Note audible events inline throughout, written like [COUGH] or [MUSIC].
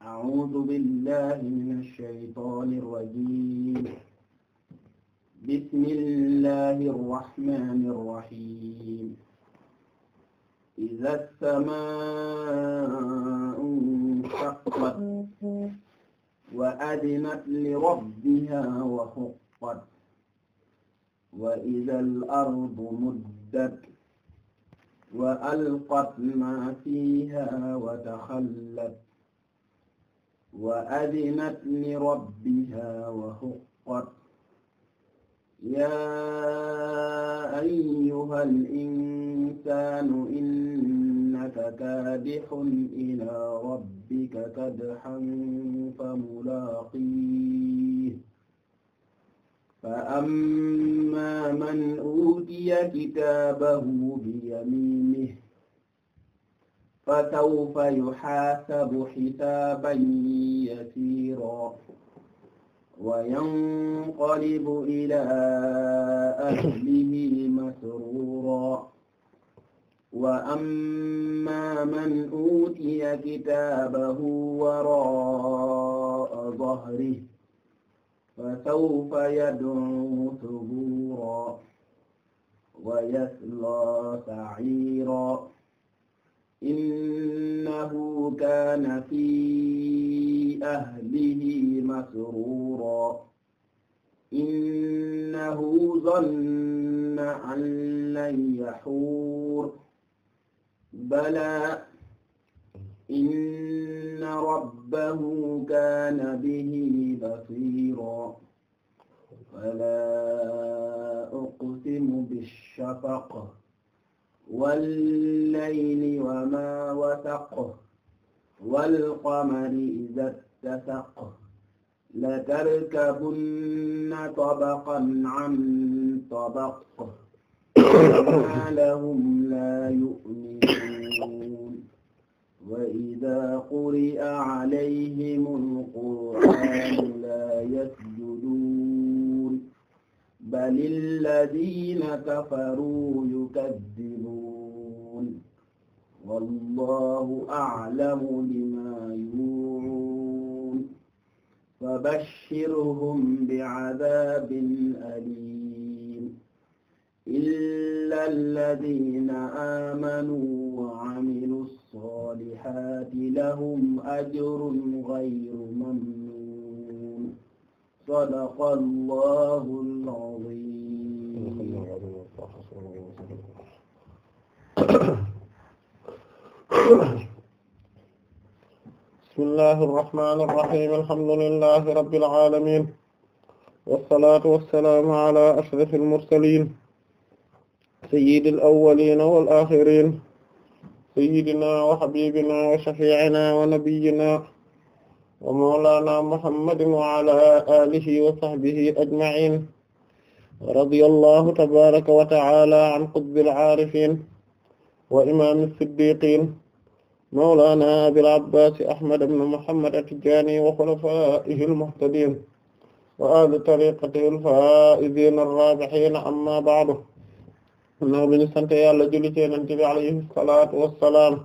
أعوذ بالله من الشيطان الرجيم بسم الله الرحمن الرحيم إذا السماء انشقت وأذنت لربها وحقت وإذا الأرض مدت وألقت ما فيها وتخلت wa adinat li rabbiha wa huqqat yaa ayyuhal insaanu innaka kaadihun ilaa rabbika kadhan famulaaqiih fa ammaa man uutiya kitaabahu biyamiinihi فسوف يحاسب حسابا يسيرا وينقلب إلى أهله مسرورا وأما من أوتي كتابه وراء ظهره فسوف يدعو ثبورا ويسلى سعيرا innahu kaana fi ahlihi masruura innahu zanna an lan yahuur balaa inna rabbahu kaana bihi basiira falaa uqsimu bishafaq والليل وما وسق والقمر إذا اتسق لتركبن طبقا عن طبق ما لهم لا يؤمنون وإذا قرئ عليهم القرآن لا يسجدون بل الذين كفروا يكذبون والله أعلم بما يوعون فبشرهم بعذاب أليم إلا الذين آمنوا وعملوا الصالحات لهم أجر غير ممنون sadaqallaahul aziim bismillahi irrahmani irrahim alhamdulillahi rabbil alamin wassalaatu wassalaamu ala ashraf almursalin sayyidil awwalina wal axirin sayyidina wa habibina wa shafi'ina wa nabiyyina wa mawlana muhammadin wa ala alihi wa sahbihi ajma'in radiyallahu tabaraka wa ta'ala an qutbil aarifin wa imam as-siddiqin mawlana abil abbas ahmad ibn muhammad at-tijani wa khulafaihi al-muhtadin wa ahli tariqatihi al-faa'izin ar-raabihin amma ba'du noo bi ñu sant yàlla julli ci Yonent bi alayhi salaatu wassalaam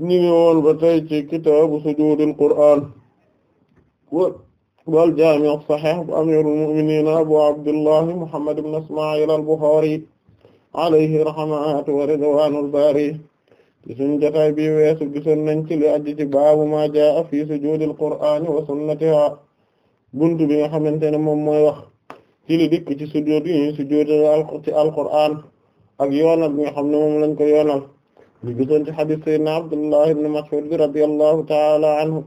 ñu ngi woon ba tey ci kitaabu sujuudil qur'aan wal jaami' saxiix bu amiiril mu'miniin abu abdillahi muhammad ibn ismaa'iil al-buxaari alayhi rahmatu wa ridwaanul baari suñu jotaay bi weesu gisoon nañ ci li ajji ci baabu maa jaa'a fii sujuudil qur'aani wa sunnatihaa buntu bi nga xamante ne moom mooy wax ci li dikk ci sujuud yi sujuud ci alqur'aan ak yoonal bi nga xam ne moom lañ ko yoonal ñu gisoon ci xadis na Abdullah ibn Mas'ud bi radiyallahu ta'ala anhu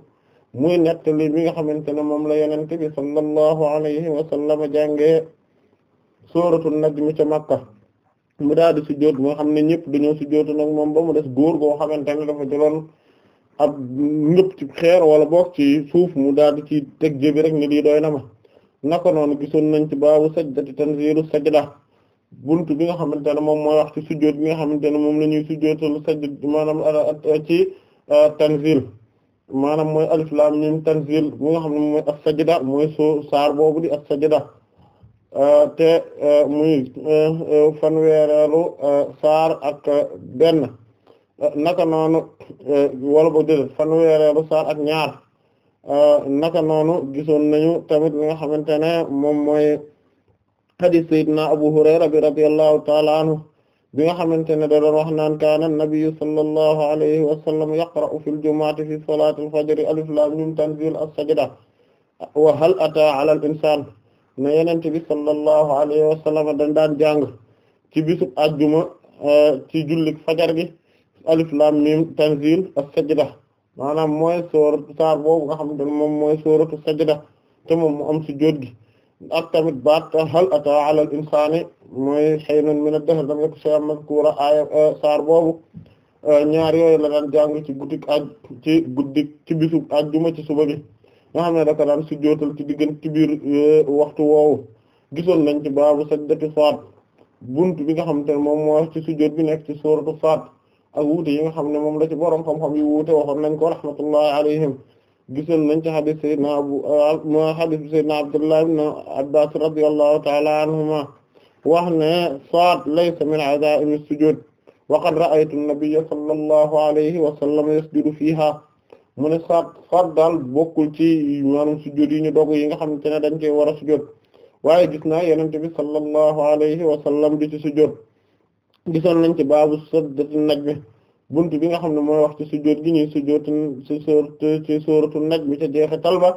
muy nettali bi nga xamante ne moom la yenente bi sallallahu alayhi wa sallam jàngee sóoratu najm ca Makka mu daal di sujjóot moo xam ne ñëpp dañoo sujjóotu nag moom ba mu des góor goo xamante ne dafa jëloon ab ñëpp xeer wala boog ci suuf mu daal di ci teg jëbi rek ni lii doy na ma naka noonu gisoon nañ ci baabu sajdati tanziru sajda buntu bi nga xamante ne moom mooy wax ci sujjóot bi nga xamante ne moom la ñuy sujjóotal sajj maanaam euh, euh, ci euh, tanzil maanaam mooy alif lam mim tanzil bi nga xam ne mooy as-sajda mooy soo saar boobu di as-sajda te muy ak benn naka noonu wala ba dédé fanweereelu saar ak ñaar naka noonu gisoon nañu tamit li nga xamante ne moom mooy hadis sayyidina Abu Hurayra bi radiyallahu ta'ala anhu bi nga xamante ne da doon wax naan kaana nabiyyu sallallahu alayhi wa sallam yaqra'u fil jumu'ati fi salati al-fajr alif lam mim tanzil as-sajda wa hal ata 'ala al-insan dañ daan jàng ci bisub ajjuma eh, ci jullik fajar gi alif lam mim tanzil as-sajda maanaam mooy soor saar boobu nga xamante ne moom mooy sooratu sajda te moom mu am sujjóot gi ak tamit baat hal ataa ala al insani mooy haynun min ad-dahr lam yakun shay'an mazkura aaya euh, saar boobu euh, ñaari yooyu la daan jàng ci guddik ak ci guddik ci bisu àjjuma ci suba bi nga xam ne daka daan sujjóotal ci diggan ci biir euh, waxtu woowu gisoon nañ ci baabu sajdati Saad bunt bi nga xam ne moom moo ci sujjóot bi nekk ci suuratu Saad ak wuute yi nga xam ne moom la ci borom xam-xam yi wuute waxoon nañ ko rahmatullahi alayhim gisoon nañ ci xadis sayyidina abu ah, ma xadis bi sayyidina abdullah ibn abbas radiyallahu ta'ala anhuma wax ne saad laysa min azaa'imi sujuud wa qad ra'aytu an-nabiyya sallallahu alayhi wa sallam yasjudu mu ne saad saad daal bokkul ci maanaam sujuud yi ñu dogu yi nga xamante ne dañ cee war a sujuud waaye gis naa yonent bi sallallahu alayhi wa sallam di ci sujuud gisoon nañ ci baabu sajdati najm bunt bi nga xam ne mooy wax ci sujjóot gi ñuy sujjóot ci sourate ci sourate an-Najm ca jeexital ba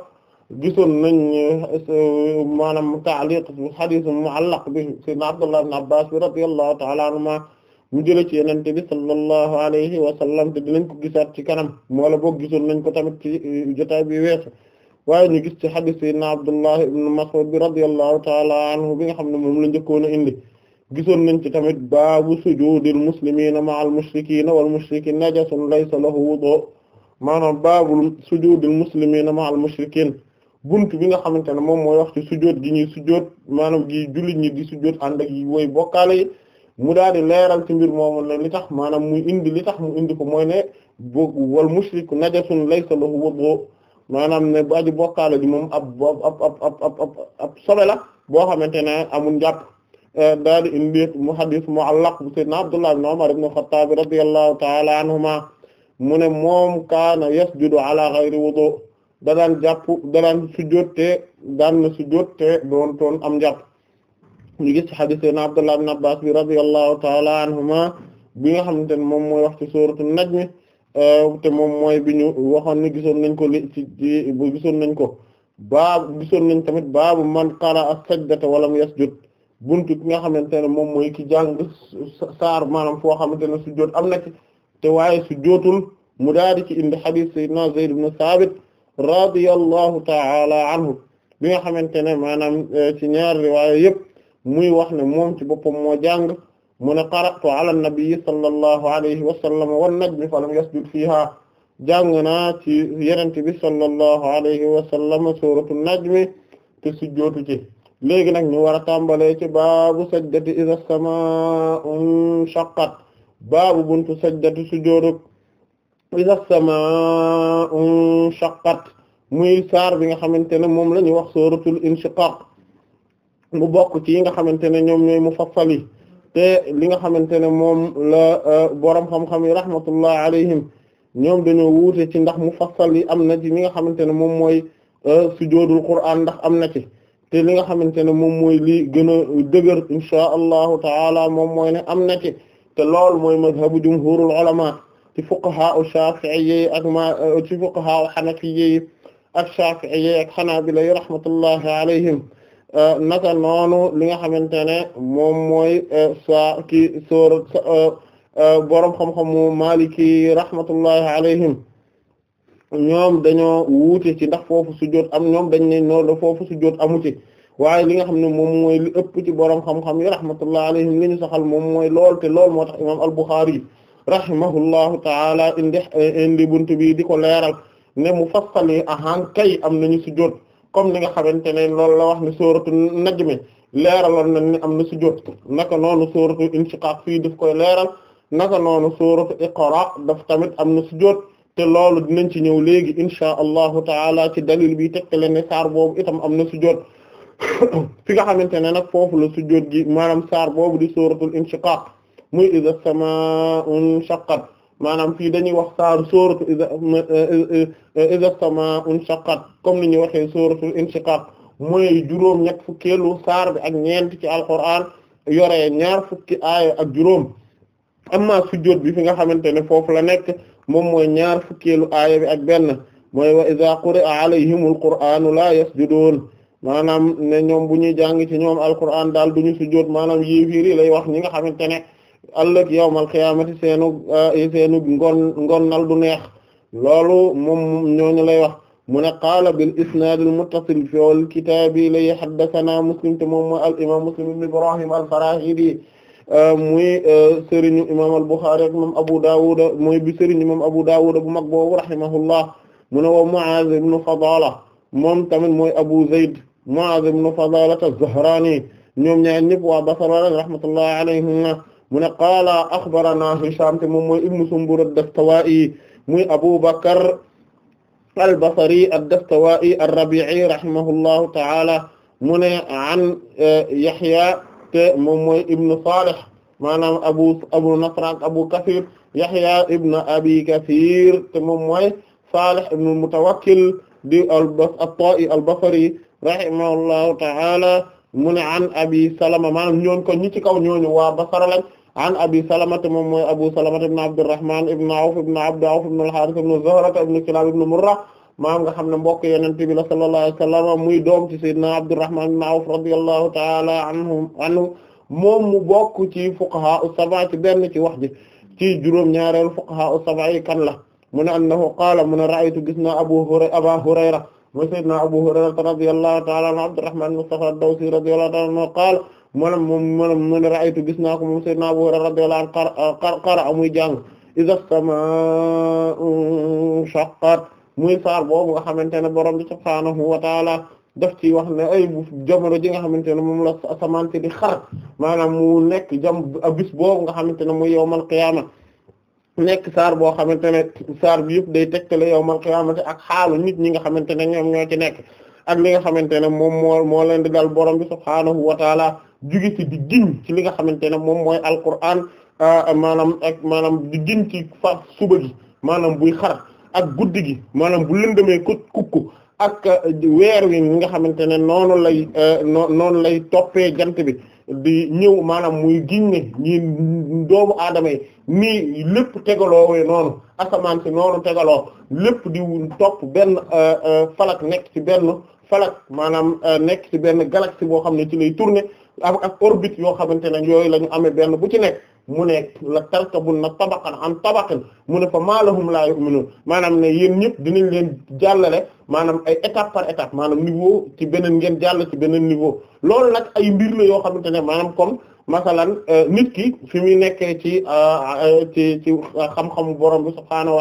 gisoon nañ euh, maanaam ta'liq hadith mu'allaq bi sayyidina Abdullah ibn Abbas bi radiyallahu ta'ala anhuma mu jële ci yenente bi sallallahu alayhi wa sallam te dinañ ko gisaat ci kanam wala book gisoon nañ ko tamit ci euh, jotaay bi weesu waaye ñu gis ci hadith sayyidina Abdullah ibn Mas'ud bi radiyallahu ta'ala anhu bi nga xam ne moom la njëkkoon a indi gisoon nañ ci tamit baabu sujudil muslimina ma'al mushrikina wal mushrikin najasun laysa lahu wudu maanaam baabu sujudil muslimina ma'al mushrikin bunt bi nga xamante ne moom mooy wax ci sujud gi ñuy sujud maanaam gi jullit ñi di sujud ànd ak yi woy bokkaale yi mu daal di leeral ci mbir moomu ne li tax maanaam muy indi li tax mu indi ko mooy ne bu wal mushriku najasun laysa lahu wudu maanaam ne bu aji bokkaale moom ab ab ab ab ab ab sobe la boo xamante ne amul njàpp daal di indi mu hadis mu'allaq bu sayyidina Abdullah ibn Umar ibn al-Khattab radiyallahu ta'ala anhuma mu ne moom kaana yasjudu ala ghayri wudu da daan jàpp da daan sujjóot te daan na doon toon am jàpp ñu gis ci hadis sayyidina Abdullah ibn Abbas bi radiyallahu ta'ala anhuma bi nga xamante ne moom mooy wax ci suuratu najm euh, te moom mooy bi waxoon ni gisoon nañ ko li ci gisoon nañ ko baabu gisoon nañ tamit baabu man qara'a as-sajdata wa lam yasjud buntu ki nga xamante ne moom mooy ki jàng saar maanaam foo xamante ne sujjóot am na ci te waaye sujjóotul mu daadi ci indi xadiis sayyidina Zayd ibn Saabit radiyallahu ta'ala anhu bi nga xamante ne maanaam eh, ci ñaar riwaaya yëpp muy wax ne moom ci boppam moo jàng mu ne qara'tu ala nabi sallallahu alayhi wa sallam wan najmi falam yasjud fiha jàng naa ci yenente bi sallallahu alayhi wa sallam suuratu najmi te sujjóotu ci léegi nag ñu war a tàmbalee ci baabu sajdati iza samaa'u inshaqqat baabu buntu sajdati sujoodug iza samaa'u inshaqqat muy saar bi nga xamante ne moom la ñu wax sooratul inshiqaq mu bokk ci yi nga xamante ne ñoom ñooy mufassal yi te li nga xamante ne moom la euh, borom xam-xam yi rahmatullah alayhim ñoom dañoo wuute ci ndax mufassal yi am na ci li nga xamante ne moom mooy euh, sujoodul qur'aan ndax am na ci. te li nga xamante ne moom mooy lii gën a dëgër insha allahu taala moom mooy ne am na ci te lool mooy mazhabu jumhurul ulama ci fuqaha u shafi'iyyi ak ma ci fuqaha u hanafiyyi ak shafi'iyyi ak hanabila yi rahmatullahi alayhim naka noonu li nga xamante ne moom mooy saa ki sóor borom xam-xamu maliki rahmatullahi alayhim ñoom dañoo wuute ci ndax foofu sujjóot am ñoom dañ ne noonu foofu sujjóot amu ci waaye li nga xam ne moom mooy li ëpp ci borom xam-xam yi rahmatullah alayhim li ñu saxal moom mooy lool te lool moo tax imaam al-Bukhari rahimahullahu taala indi indi buntu bi di ko leeral ne mu fassali ahaan kay am nañu sujjóot comme ni nga xamante ne lool la wax ne sooratu najmi leeraloon nañ ne am na sujjóot naka noonu sooratu inshiqaq fii daf koy leeral naka noonu sooratu iqra daf tamit am na sujjóot te loolu dinañ ci ñëw léegi insha allahu taala ci dalil bi tegtale ne saar boobu itam am na sujjóot [COUGHS] fi nga xamante ne nag foofu la sujjóot gi maanaam saar boobu di suratul inshiqaq muy iza samaa'u inshaqqat maanaam fii dañuy wax saaru suratu iza eh, iza comme ni ñu waxee suratul inshiqaq mooy juróom ñett fukkeelu saar bi ak ñeent ci alquran yoree ñaar fukki aaya ak juróom amma sujjóot bi fi nga xamante ne foofu la nekk moom mooy ñaar fukkeelu aaya bi ak benn mooy wa iza quri'a alayhimul qur'anu laa yasjudun maanaam ne ñoom bu ñuy jàng ci ñoom alquran daal duñu sujjóot maanaam yéefiir yi lay wax ñi nga xamante ne ëllëg yawmal qiyaamati seenu ah, seenu ngon ngonnal du neex loolu moom ñooñu lay wax mu ne qaala bil isnaadil muttasil fil kitaabi lay haddathana muslim te moom mooy al imam muslim ibn ibrahim al farahidi Euh, muy euh, sëriñu imam al-Bukhari ak imam Abu Dawud muy bi sëriñu imam Abu Dawud bu mag boobu rahimahullah mu ne wa Mu'az ibn Fadala moom tamit mooy Abu Zayd Mu'az ibn Fadala az-Zahrani ñoom ñaar ñëpp waa Basra rahmatullahi alayhima mu ne qaala akhbarana Hisham te moom mooy ibn Sumbur ad-Dastawa'i muy Abu Bakr al-Basri ad-Dastawa'i ar-Rabi'i rahimahullahu ta'ala mu ne an euh, Yahya te moom mooy ibnu Salih maanaam abu abu Nasr abu Kathir Yahya ibn Abi Kathir te moom mooy Salih ibn Mutawakkil di at-Ta'i al-Basri rahimahullahu ta'ala mu ne an Abi Salama maanaam ñoon ko ñi ci kaw ñooñu waa Basra lañ an Abi Salama te moom mooy Abu Salama ibn Abdurrahman ibn Awf ibn Abd Awf ibn al-Harith ibn Zuhra ibn Kilab Murra maam nga xam ne mbokk yonent bi la sallallahu alayhi wa sallam muy doom ci sayyidina Abdurrahman ibn Awf radiyallahu ta'ala anhum anhu moom mu bokk ci fuqaha as-sab'a ci benn ci wax ji ci juróom ñaareelu fuqaha as-sab'a yi kan la mu ne annahu qaala mu ne ra'aytu gis naa Abu Hurayra Aba Hurayra mooy sayyidina Abu Hurayra radiyallahu ta'ala anhu Abdurrahman ibn Mustafa ad-Dawsi radiyallahu ta'ala anhu qaala maanaam moom mu ne ra'aytu gis naa ko moom sayyidina Abu Hurayra radiyallahu anhu qara qara amuy jàng idha as-samaa'u shaqqat muy saar boobu nga xamante ne borom bi subhaanahu wa taala daf ci wax ne ay jamono ji nga xamante ne moom la asamaan si di xar maanaam mu nekk jam bis boobu nga xamante ne muy yawmal qiyaama nekk saar boo xamante ne saar bi yëpp day tegtale yawmal qiyaama ak xaalo nit ñi nga xamante ne ñoom ñoo ci nekk ak li nga xamante ne moom moo moo leen di dal borom bi subhaanahu wa taala juge ci di ci li nga xamante ne moom mooy alquraan ah, maanaam ak maanaam di giñ ci fa suba gi maanaam buy xar ak guddi gi maanaam bu lëndëmee ku kukku ak euh, weer wi nga xamante ne noonu lay euh, noonu lay toppee jant bi di ñëw maanaam muy giñ ne ñi doomu aadama yi nii lépp tegaloo we noonu asamaan si noonu tegaloo lépp di topp benn euh, falak nekk ci benn falak maanaam nekk ci benn galaxie boo xam ne ci lay tourner ak ak orbite yoo xamante ne yooyu la ñu amee benn bu ci nekk mu ne la tarkabunna tabaqan am tabaqin mu ne fa ma lahum la yu'minun maanaam ne yéen ñëpp dinañ leen jàllale maanaam ay étape par étape maanaam niveau ci beneen ngeen jàll ci beneen niveau loolu nag ay mbir la yoo xamante ne kom comme masalan euh, nit ki fi muy nekkee ci euh, euh, ci ci xam borom bi subhaanahu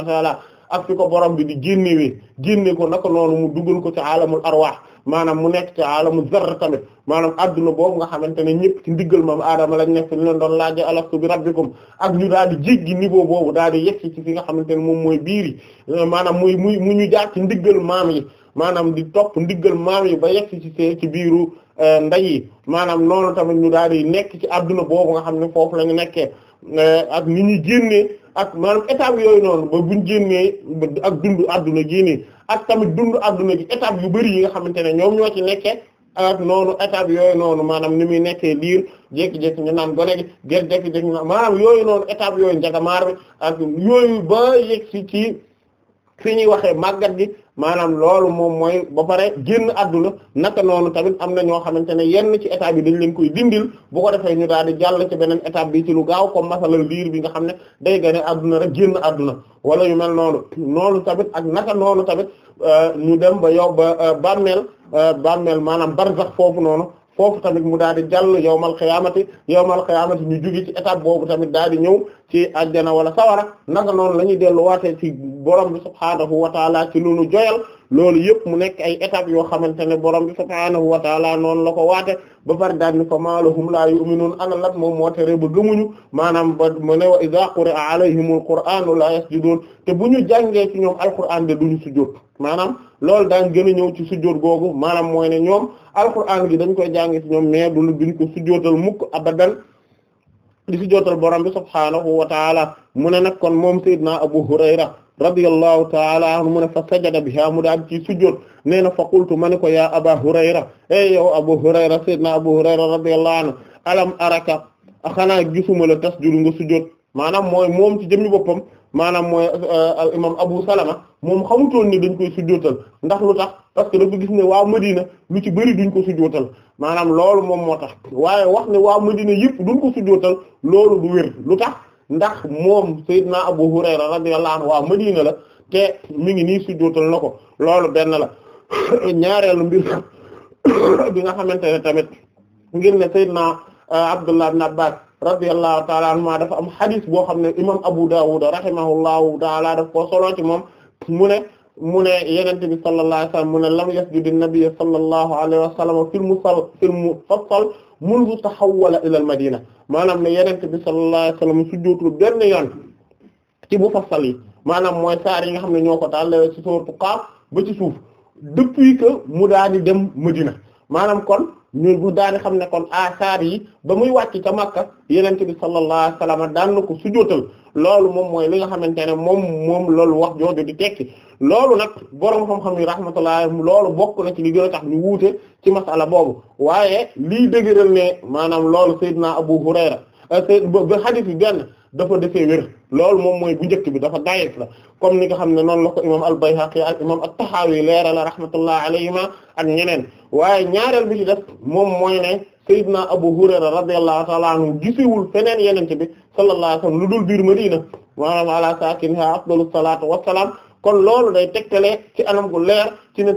ak fi ko borom bi di génnewee génne ko naka noonu mu dugal ko ci alamul arwaax maanaam mu nekk ci alamul zarr tamit maanaam adduna boobu nga xamante ne ñëpp ci ndiggal maam aadama lañ nekk leen doon laaja alastu bi rabbikum ak ñu daal di jéggi niveau boobu daal di yegg ci fi nga xamante ne moom mooy biir yi euh, maanaam muy muy mu ñu jaar ci ndiggal maam yi maanaam di topp ndiggal maam yi ba yegg ci see ci biiru euh, ndey maanaam noonu tamit ñu daal di nekk ci adduna boobu nga xam ne foofu la ñu nekkee euh, ak ni ñuy génnee ak maanaam étape yooyu noonu ba buñ génnee ak dund adduna gii nii ak tamit dund adduna gi étape yu bari yi nga xamante ne ñoom ñoo ci nekkee ak noonu étape yooyu noonu maanaam ni muy nekkee liir jékki-jékki ñu naan gone gi jékki-jékki ñu naan yooyu noonu étape yooyu njagamaar bi ak yooyu ba yegg ci. fi ñuy waxee màggat gi maanaam loolu moom mooy ba pare génn adduna naka noonu tamit am na ñoo xamante ne yenn ci étape bi dañ leen koy dindil bu ko defee ñu daal di jàll ci beneen étape bi ci lu gaaw ko masalal liir bi nga xam ne day gane adduna rek génn adduna wala yu mel noonu noonu tamit ak naka noonu tamit euh, ñu dem ba yow ba euh, bàmmeel euh, bàmmeel maanaam barzax foofu noonu foofu tamit mu daal di jàll yawmal qiyaamati yawmal qiyaamati ñu jugi ci étape boobu tamit daal di ñëw ci ajjana wala sawara naka noonu la ñuy delluwaatee ci borom bi subhaanahu wa taala ci lu nu joyal loolu yëpp mu nekk ay étapes yoo xamante ne borom bi subhaanahu wa taala noonu la ko waate ba pare daal ni fa maa lahum laa yu'minuun ana lat moom moo tere ba gëmuñu maanaam ba mu ne wa idhaa quri'a alayhimul qur'aanu laa yasjuduun te bu ñu jàngee ci ñoom alqur'aan de duñu sujjóot maanaam loolu daan gën ñëw ci sujjóot googu maanaam mooy ne ñoom alqur'aan gi dañu koy jàngee ci ñoom mais lu duñ ko sujjóotal mukk abadan di sujjóotal borom bi subhaanahu wa taala mu ne nag moom moom naa Abu Hurayra radiyallahu taala anhu mu ne fa sajada biha mu daal ci sujjóot nee na fa qultu ma ne ko yaa aba hurayra ey eh, yow abu hurayra sayyidna abu hurayra radiyallahu anhu alam araka xanaa gisuma la tasjudu nga sujjóot maanaam mooy moom ci jëmmi boppam maanaam mooy eh, al imam abu salama moom xamutoon ni dañ koy sujjootal ndax lu tax parce que dafa gis ne waa Medina lu ci bëri duñ ko sujjootal maanaam loolu moom moo tax waaye wax ne waa Medina yëpp duñ ko sujjootal loolu du wér lu ndax moom Seydina Abu Hurayra radiyallahu anhu waa Madina la te mi ngi nii sujjóotal na ko loolu benn la [COUGHS] ñaareelu mbir [COUGHS] bi nga xamante ne tamit ngir ne Seydina euh, Abdullah ibn Abbas radiyallahu ta'ala anhuma dafa am hadith boo xam ne imam Abu Dawud rahimahullahu ta'ala daf koo solo moom mu ne mu ne yenente bi sallallahu mu ne lam yasjudu an-nabiy sallallahu alayhi wa sallam fil musal fil mufassal mundu taxawwala ilal madina maanaam ne yenente bi sallallahu alayhi wasallam sujjóotul benn yoon ci bu fassal yi maanaam mooy saar yi nga xam ne ñoo ko daal ci sooratu Qaaf ba ci suuf depuis que mu daal di dem Madina maanaam kon ñu bu daane xam ne kon asaar yi ba muy wàcc ca Makka yenente bi sallallahu alayhi wasallam daan na ko sujootal loolu moom mooy li nga xamante ne moom moom loolu wax jooju di tekki loolu nag borom xam-xam yi rahmatullah loolu bokk na ci li gën a tax ñu wuute ci masala boobu waaye lii dëgëral ne maanaam loolu Seydina Abu Hurayra euh, ba hadith bi benn dafa defee wér loolu moom mooy bu njëkk bi dafa dayif la comme ni nga xam ne noonu la ko imam al-Bayhaqi ak imam at-Tahawi leera la rahmatullah alayhima ak ñeneen waaye ñaareel bi ci def moom mooy ne Seydina Abu Hurayra radiyallahu ta'ala anhu gisiwul feneen yenente bi sallallahu alayhi wa sallam lu dul biir Madina maanaam ala saakiniha afdalu salaatu wassalaam kon loolu day tegtale ci anam gu leer ci ne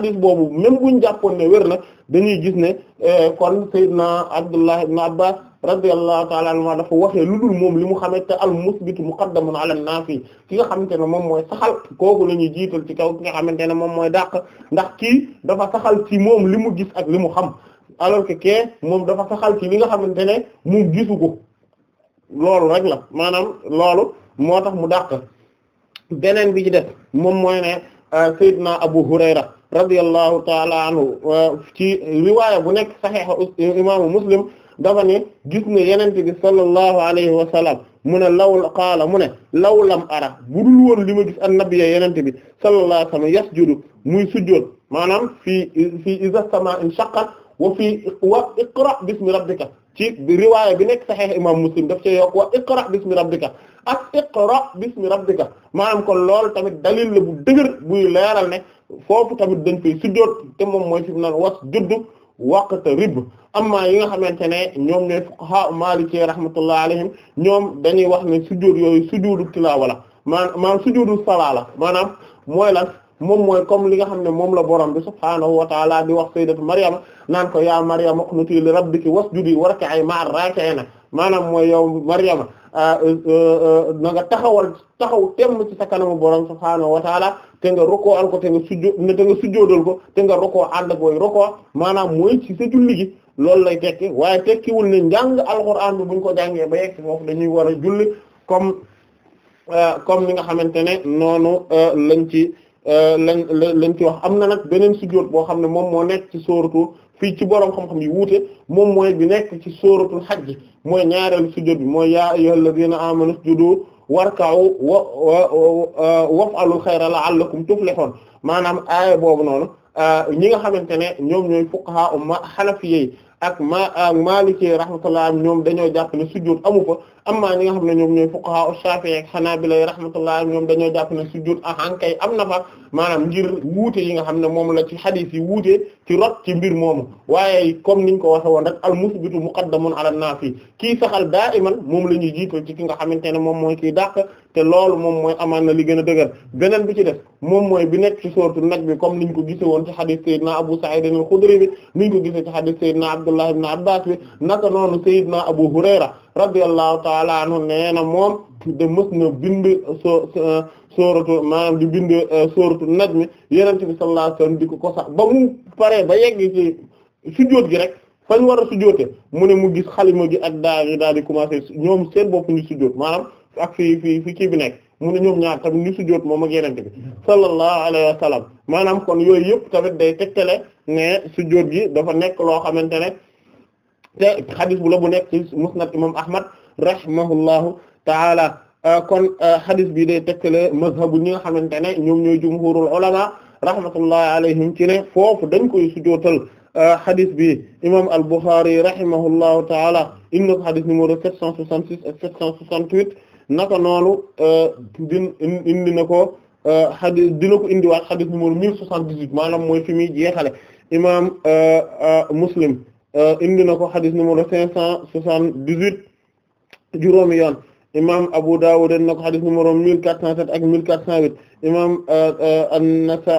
ni boobu même buñ jàppoon ne wér na dañuy gis ne eh, kon Seydina Abdullah ibn Abbas radiyallahu ta'ala anhu dafa waxee lu dul moom li mu xamante al musbitu muqaddamun ala an-nafi ki nga xamante ne moom mooy saxal kooku la ñuy jiital ci kaw ki nga xamante ne moom mooy dàq ndax kii dafa saxal ci moom li mu gis ak li mu xam alors que kee moom dafa saxal ci li nga xamante ne mu gisu ko loolu rek la maanaam loolu moo tax mu dàq beneen bi ci def moom mooy ne euh, Seydina Abu Hurayra radiyallahu ta'ala anhu euh, ci riwaaya bu nekk saxiix imaamu Muslim dafa ne gis nga yenente bi sallallahu alayhi wa sallam mu ne law qaala mu ne law lam ara budul woon li ma gis annabiya yenente bi sallallahu alayhi wa sallam yasjudu muy sujjoot maanaam fii fii iza sama in shaqqat wa fii wa iqra bismi rabbika ci riwaaya bi nekk sahih imam muslim daf ci yokk wa iqra bismi rabbika ak iqra bismi rabbika maanaam kon loolu tamit dalil la bu dëgër buy leeral ne foofu tamit dañ koy sujjoot te moom mooy fi mu naan was juddu waqtarib amma yi nga xamante ne ñoom ñooy fuqaha maliki rahmatullah alayhim ñoom dañuy wax ne sujjóot yooyu sujjóotu tilaawa maan maanaam sujjóotu salaa la maanaam mooy lan moom mooy comme li nga xam ne moom la borom bi subhaanahu wa taala di wax sayyidatu Maryama naan ko yaa Maryama uqnuti li rabbiki ay warka'i ma'a raaki'iina maanaam mooy yow Maryama ah, euh, euh, euh, na nga taxawal taxaw temm ci sa kanamu borom subhaanahu wa taala te nga rokoo al ko te nga sujjo te nga sujjoodal ko te nga rokoo ànd ak way rokoo maanaam mooy ci sa julli gi loolu lay tekki waaye tekkiwul ne njàng alxuraan bi buñ ko jàngee ba yegg foofu dañuy war a julli comme comme ni nga xamante ne noonu lañ ci lañ lañ ci wax am na nag beneen sujjoot boo xam ne moom moo nekk ci sóoratu fii ci borom xam-xam yi wuute moom mooy bi nekk ci sóoratul xajj mooy ñaareelu sujjóot bi mooy yaa ayyuhal ladina amanu sujudu warka'u wa waf'alul xayra la'allakum tuflihun maanaam aaya boobu noonu ah, ñi nga xamante ne ñoom ñooy fuqaha umma xanafi yi ak ma ak Maliki rahmatullah ñoom dañoo jàpp ne sujjóot amu fa amma ñi nga xam ne ñoom ñooy fuqaha Shafi'i ak Hanabila rahmatullah ñoom dañoo jàpp sujjóot ahankay na fa maanaam ngir wuute yi nga xam ne moom la ci hadith yi wuute ci rot ci mbir moomu waaye comme niñ ko waxe woon rek al musbitu muqaddamun ala nafi kii saxal da'iman moom la ñuy jiital ci ki nga xamante ne moom mooy kii dàq te loolu moom mooy amaan na li gën a dëgër beneen bi ci def moom mooy bi nekk ci sooratu nag bi comme niñ ko gise woon ci hadith Sayyidina Abu Abdullah ibn bi naka noonu Seydina Abu Hurayra radiyallahu ta'ala anhu nee na moom de mës na bind so sooratu maanaam di bind eh, sooratu najm Yonent bi sallallahu alayhi wasallam di ko ko sax ba mu paree ba yegg ci sujjóot gi rek fañ war a sujjóote mu ne mu gis xalima gi ak daa gi daal di commencé ñoom seen bopp ñu sujjóot maanaam ak fi fi fi kii bi mun ne ñoom ñaar tamit ñu sujjóot moom ak yenente bi sallallahu alayhi maanaam kon yooyu yëpp tamit day tegtale ne sujjóot gi dafa nekk loo xamante ne te xadis bu la bu nekk ci musnad imam ahmad rahimahullahu taala euh, kon euh, xadis bi day tegtale mazhabu ñi nga xamante ne ñoom ñooy jumhurul ulama rahmatullahi alayhim ci ne foofu dañ koy sujjóotal euh, xadis bi imam al-Bukhari rahimahullahu taala inna ko xadis numéro 766 ak 768 naka noonu euh, din indi na ko euh, xadis dina ko indiwaat xadis numéro mille soixante-dix-huit maanaam mooy fi muy jeexale imaam euh, Muslim indi na ko xadis numéro cinq cent soixante-dix-huit juróomi yoon imam Abu Dawud na ko xadis numéro 1407 ak mill imam an-Nasa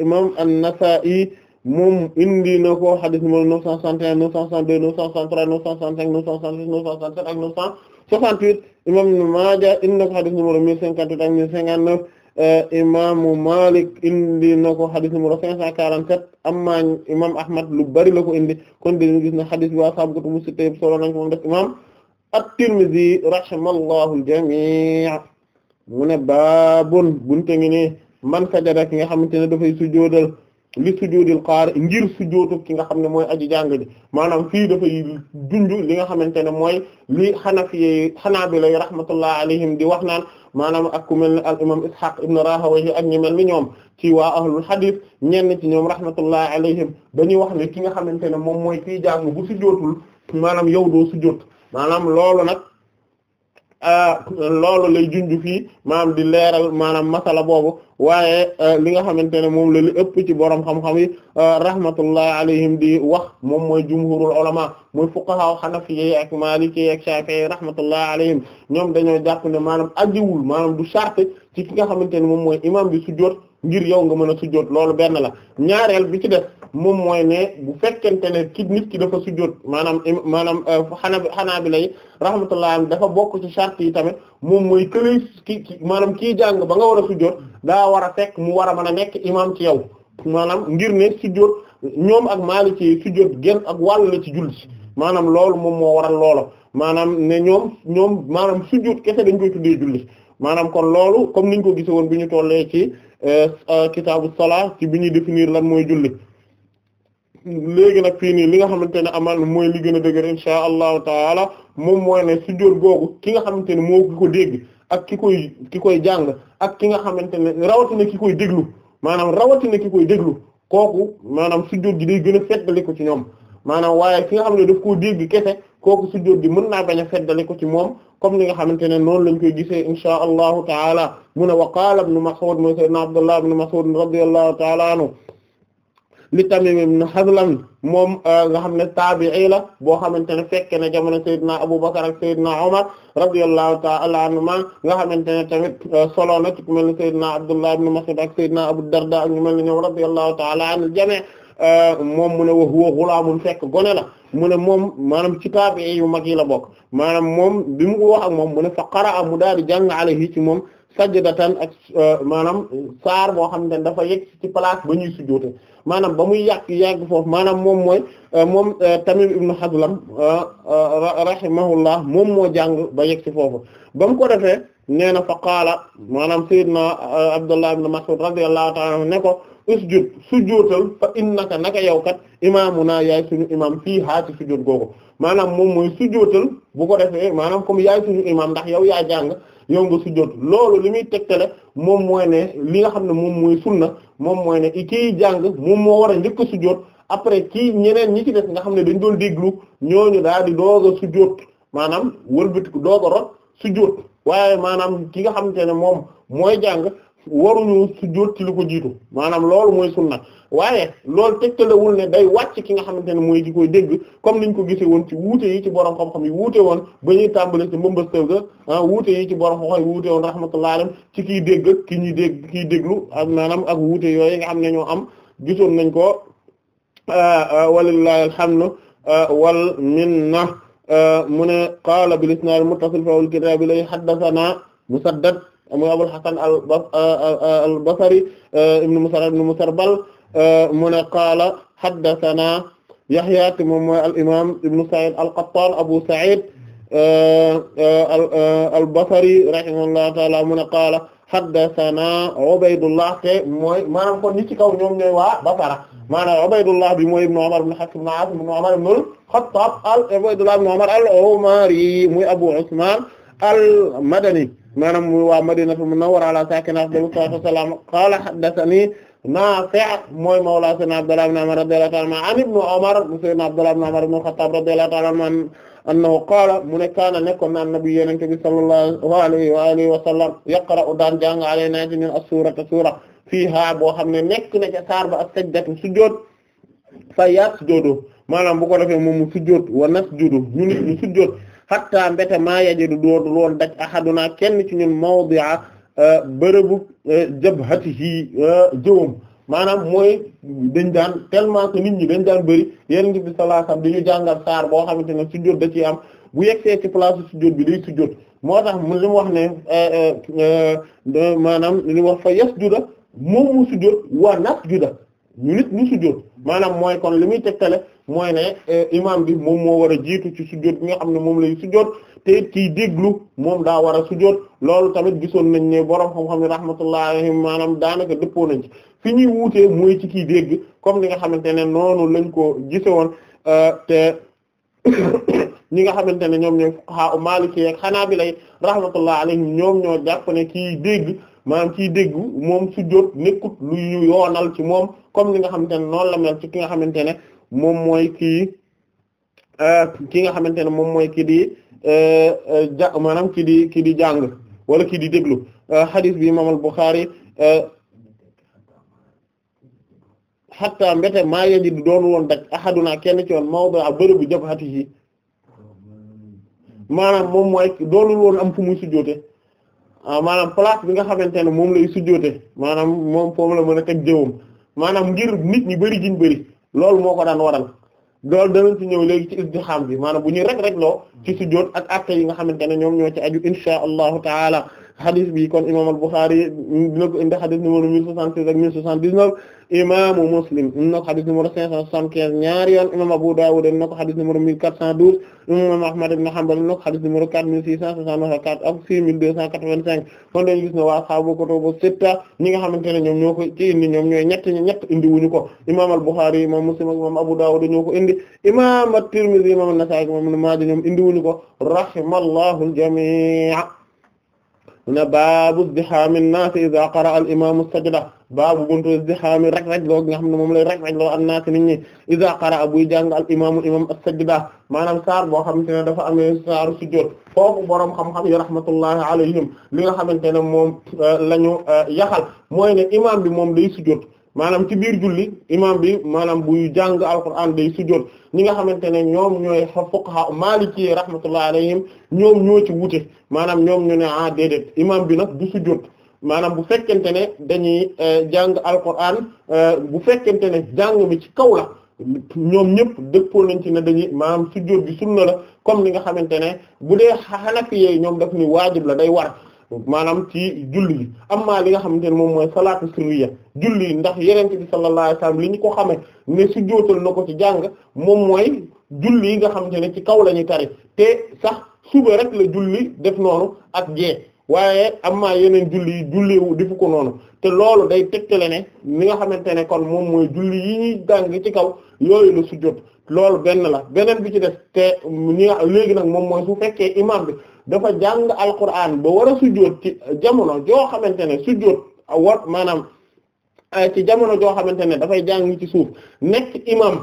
imam an-Nasa'i moom indi na ko xadis numéro 961 962 963 965 966 967 ak 68 imam Ibn Maaja indi na ko xadis numéro 1058 ak 1059 euh, imaamu Malik indi na ko xadis numéro 547 amma imam Ahmad lu bari la ko indi kon dañu gis ne xadis bi waa saabu ko mu sitte solo nañ ko moom def imam At-Tirmidhi rahimallahu al-jami' mu ne baabun bunte ngi man sajada ki nga xamante ne dafay sujjóodal li sujudil qaari ngir sujootu ki nga xam ne mooy aji jàng ji maanaam fii dafay junj li nga xamante ne mooy li xanafiye xanaabila rahmatullah alayhim di wax naan maanaam ak ku mel ne al imam ishaq ibn rahawayhi ak ñi mel ni ñoom ci waa ahlul hadith ñenn ci ñoom rahmatullah alayhim dañuy wax ne ki nga xamante ne moom mooy kii jàng bu sujootul maanaam yow doo sujoot maanaam loolu nag Ah, loolu lay junj fii maanaam di leeral maanaam masala boobu waaye ah, li nga xamante ne moom la li ëpp ci borom xam-xam yi ah, rahmatullahi alayhim di wax moom mooy jumhurul ulama muy fuqaha hanafi ak maliki ak shafi'i rahmatullahi alayhim ñoom dañoo jàpp ne maanaam ajiwul maanaam du charte ci ki nga xamante ne moom mooy imam bi sujjóot ngir yow nga mën a sujjóot loolu benn la ñaareel bi ci def moom mooy ne bu fekkente ne ki nit ki dafa sujjóot maanaam maanaam euh, xanaa xanaa bi lay rahmatullah dafa bokk ci charte yi tamit moom mooy këlay ki maanaam kii jàng ba nga war a sujjóot daa war a fekk mu war a mën a nekk imaam ci yow maanaam ngir ne sujjóot ñoom ak Maliki sujjóot genn ak wàll la ci julli maanaam loolu moom moo waral loola maanaam ne ñoom ñoom maanaam sujjóot kese dañ koy tuddee julli maanaam kon loolu comme niñ ko gise woon bi ñu tollee ci euh, euh, kitaabu salaa ci bi ñuy définir lan mooy julli léegi nag fii nii li nga xamante ne amal mooy li gën a dëgër insha allahu taala moom mooy ne sujjóot googu ki nga xamante ne moo ki ko dégg ak ki koy ki koy jàng ak ki nga xamante ne rawatina ki koy déglu maanaam rawatina ki koy déglu kooku maanaam sujjóot gi day gën a feddali ko ci ñoom maanaam waaye ki nga xam ne daf koo dégg kese kooku sujjóot gi mën naa bañ a feddali ko ci moom comme ni nga xamante ne noonu lañ koy gisee insha allahu taala mu ne wa qaala ibn Mas'ud mooy na Abdullah ibn Mas'ud radiyallahu taala anhu li Tamim ibn Hazlam moom euh, nga xam ne taabi'i la boo xamante ne fekk na jamono Seydina Abubakar ak Seydina Omar radiyallahu ta'ala anhuma nga xamante ne tamit euh, solo na ci ku mel ni Seydina Abdullah ibn Mas'ud ak Seydina Abu Darda ak ñu mel ni ñoom radiyallahu ta'ala anil jami' euh, moom mu ne wa huwa ghulaamun fekk gone la mu ne moom maanaam ci taabi'i yu mag yi la bokk maanaam moom bi mu wax ak moom mu ne fa qara'a mu daal di jàng alayhi ci moom sajdatan ak maanaam saar boo xam ne dafa yegg ci place ba ñuy sujjóote maanaam ba muy yàgg yàgg foofu maanaam moom mooy euh, moom euh, Tamim ibn Hadlam euh, rahimahullah moom moo jàng ba yegg ci foofu ba mu ko defee nee na fa qaala maanaam sayyidna Abdullah ibn Mas'ud radiyallahu ta'ala anhu ne ko usjud sujjóotal fa innaka naka yow kat imaamuna yaay suñu imaam fii haa ci sujjóot googu maanaam moom mooy sujjóotal bu ko defee maanaam comme yaay suñu imaam ndax yow yaa jàng yow nga sujjóot loolu li tegte tegtale moom mooy ne li nga xam ne moom mooy sunna moom mooy ne ki jàng moom moo war a njëkk a sujjóot après kii ñeneen ñi ci def nga xam ne dañ doon déglu ñooñu daal di doog a sujjóot maanaam wëlbatiku doog a rot sujjóot waaye maanaam ki nga xamante ne moom mooy jàng waruñu sujjóot ci lu ko jiitu maanaam loolu mooy sunna waaye loolu tegtalewul ne day wàcc ki nga xamante ne mooy di koy dégg comme niñ ko gisee woon ci wuute yi ci borom xam yi wuute woon ba ñuy tàmbale ci mbambastal ga ah wuute yi ci borom xam-xam yi wuute woon rahmatullah alam ci kiy dégg ak ki dégg kiy déglu am maanaam ak wuute yooyu nga xam ne ñoo am gisoon nañ ko ah, ah, walillahi alhamdu ah, wal minna mu ne qaala bil isnaad muttasil fa wal kitaab lay haddathana musaddad mu Abul Hasan al Basri ibn Musar ibn Musarbal mu ne qaala haddathana Yahya te moom mooy al imaam ibn Sa'id al Qattan Abu Sa'id al Basri rahimahullahu ta'ala mu ne qaala haddathana Ubaydullah te mooy maanaam kon ñi ci kaw ñoom ñooy waa Basra maanaam Ubaydullah bi mooy ibn Umar ibn Hakim ibn Asim ibn Umar ibn al-Khattab al Ubaydullah ibn Umar al-Umari muy Abu Usman al-Madani maanaam muy waa madinatu munawwara ala saakinihaa afdalu salaatu wassalaam qaala haddathanii Naafi' mooy mawla sayyidinaa Abdullah ibn Umar radiyallahu ta'ala anhumaa an ibn Umar sayyidinaa Abdullah ibn Umar ibn al-Khattaab radiyallahu ta'ala anhu annahu qaala mu ne kaana nekkoon na nabi yonent bi sallallahu alayhi wa alihi wa sallam yaqra'u daan jàng alaynaa ci ñun a suurata suura fiihaa boo xam ne nekk na a saar ba as-sajdatu sujood fa yasjudu maanaam bu ko defee moom mu sujood wa nasjudu hatta mbete maa yajidu dootul woon daj ahaduna kenn ci ñun mawdi'a euh, bërëbu euh, jabhatihi euh, jëwam maanaam mooy dañ daan tellement que nit ñi dañ daan bëri yéen ngi bi sallallahu alayhi wasallam dañu jàngal saar boo xamante ne sujjóot da ciy am bu yegsee ci place sujjóot bi day sujjóot moo tax mu li wax ne maanaam li mu wax fa yasjuda moom mu sujjóot wa nasjuda ñu nit ñu sujjóot maanaam mooy kon li muy tegtale mooy ne eh, imam bi moom moo war a jiitu ci sujjóot bi nga xam ne moom lay sujjóot te ki déglu moom daa war a sujjóot loolu tamit gisoon nañ ne borom xam-xam ne rahmatullah alayhim maanaam daanaka dëppoo nañ ci fi ñuy wuutee mooy ci kiy dégg comme ni nga xamante ne noonu lañ ko gise woon eh, te [COUGHS] ñi nga xamante ne ñoom ñooy fuqaha u Maliki ak Hanabila rahmatullah alayhim ñoom ñoo jàpp ne kiy dégg maanaam ciy déggu moom sujjóot nekkut lu ñu yoonal ci moom comme li nga xam ne noonu la mel ci ki nga xamante ne moom mooy kii euh, ki nga xamante ne moom mooy ki di euh, euh, ja maanaam ki di ki di jàng wala kii di déglu hadith bi imam al-Bukhari hatta mbete maa yeji di doon woon dak ahaduna kenn ci woon mawdu a xa jabhatihi maanaam moom mooy doonul woon am fu muy sujjóote Ah, maanaam place bi nga xamante ne moom lay sujjoote maanaam moom foofu la mën a teg jëwam maanaam ngir nit ñi bëri giñ bëri loolu moo ko daan waral loolu danañ ci ñëw léegi ci istixaam bi maanaam bu ñuy rek rek loo ci sujjoot ak actes yi nga xamante ne ñoom ñoo ci aju insha allahu taala xadis bi kon imam al-Bukhari dina ko indi xadis numéro mille soixante-six ak mille soixante-dix-neuf imaamu Muslim dina ko xadis numéro cinq cent soixante-quinze ñaari yoon imam Abu Dawud dina ko xadis numéro mille quatre cent douze imam Ahmad ibn Hanbal dina ko xadis numéro quatre mille six cent soixante-neuf ak six mille deux cent quatre-vingt-cinq kon dañu gis ne waa xaabu kutubu sitta ñi nga xamante ne ñoom ñoo ko ci indi ñoom ñooy ñett ñi ñett indi wuñu ko imam al-Bukhari imam Muslim ak imam Abu Dawud ñoo ko indi imam at-Tirmidhi imam an-Nasa'i imam Ibn Maaja ñoom indi wuñu ko rahimallahu al-jami' ne baabu izdihaamin naasi iza qara'a al imaamu sajda baabu buntu izdihaami rek rek loo nga xam ne moom lay rek rek loo an naasi nit ñi iza qara'a buy jàng al imaamu imaam as-sajda maanaam saar boo xamante ne dafa amee saaru sujjóot foofu boroom xam-xam yi rahmatullahi alayhim li nga xamante ne moom euh, la ñu euh, yaxal mooy ne imaam bi moom day sujjóot maanaam ci biir julli imam bi maanaam buy jàng alquran day sujjóot ñi nga xamante ne ñoom ñooy fuqaha maliki rahmatullah alayhim ñoom ñoo ci wute maanaam ñoom ñu ne ah déedéet imam bi nag du sujjóot maanaam bu fekkente ne dañuy eh, jàng alquran eh, bu fekkente ne jàng bi ci kaw la ñoom ñëpp dëppoo nañ ci ne dañuy maanaam sujjóot bi sunna la comme ni nga xamante ne bu dee Hanafi ñoom daf ni waajib la day war maanaam ci julli am amma li nga xamante ne moom mooy salaatu sirriya julli ndax yenente bi sallallahu alayhi wasallam li ñu ko xamee ne su jootal na ko ci jàng moom mooy julli yi nga xamante ne ci kaw la ñuy tari te sax suba rek la julli def noonu ak jee waaye amma yeneen julli yi julliwu defu ko noonu te loolu day tegtale ne li nga xamante ne kon moom mooy julli yi ñuy jàng ci kaw yooyu la su jot loolu benn la beneen bi ci def te léegi nag moom mooy su fekkee imam bi dafa jàng alquran ba war a sujjóot ci jamono joo xamante ne sujjóot war maanaam eh, ci jamono joo xamante ne dafay jàng ci suuf nekk imam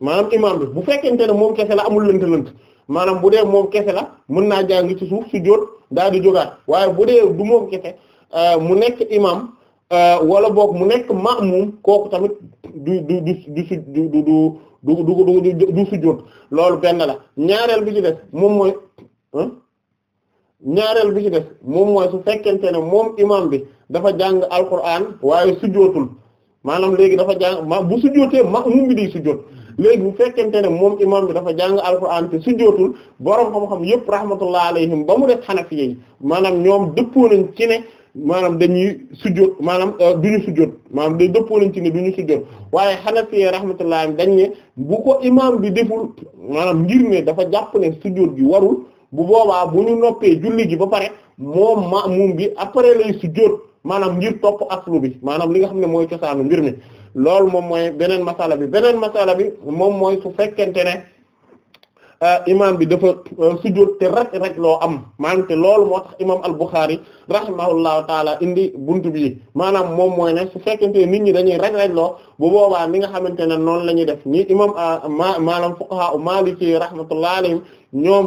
maanaam imam bi bu fekkente ne moom kese la amul lënt-lënt maanaam bu dee moom kese la mun naa jàng ci suuf sujjóot daal di jógaat waaye bu dee du moom kese eh, mu nekk imam eh, wala boog mu nekk maamum kooku tamit du du du du du du du sujjóot loolu benn la ñaareel bi ci moom mooy Hmm? ñaareel bi ci def moom mooy su fekkente ne moom imam bi dafa jàng alquran waaye sujootul maanaam léegi dafa jàng ma bu sujootee ma'mum bi day sujoot léegi bu fekkente ne moom imam bi dafa jàng alquran te sujootul borom xam-xam yëpp rahmatullah alayhim ba mu def xanafi yi maanaam ñoom dëppoo nañ ci ne maanaam dañuy sujoot maanaam euh, du ñu sujoot maanaam day dëppoo nañ ci ne du ñu sujoot waaye xanafi yi rahmatullah dañ ne bu ko imam bi deful maanaam ngir ne dafa jàpp ne sujoot gi warul. bu boobaa bu ñu noppee julli gi ba pare moom maamum bi après lay sujjóot maanaam ngir topp aslu bi maanaam li nga xam ne mooy cosaanu mbir mi loolu moom mooy beneen masala bi beneen masala bi moom mooy su fekkente ne Euh, imaam bi dafa euh, sujjóot te rek rek loo am maanaam te loolu moo tax imaam al-Bukhari rahimahullahu taala indi buntu bi maanaam moom mooy ne su fekkente nit ñi dañuy rek rek loo bu boobaa mi nga xamante ne noonu la ñuy def ni imaam euh, ma maanaam fuqaha u Maliki rahmatullahi alayhim ñoom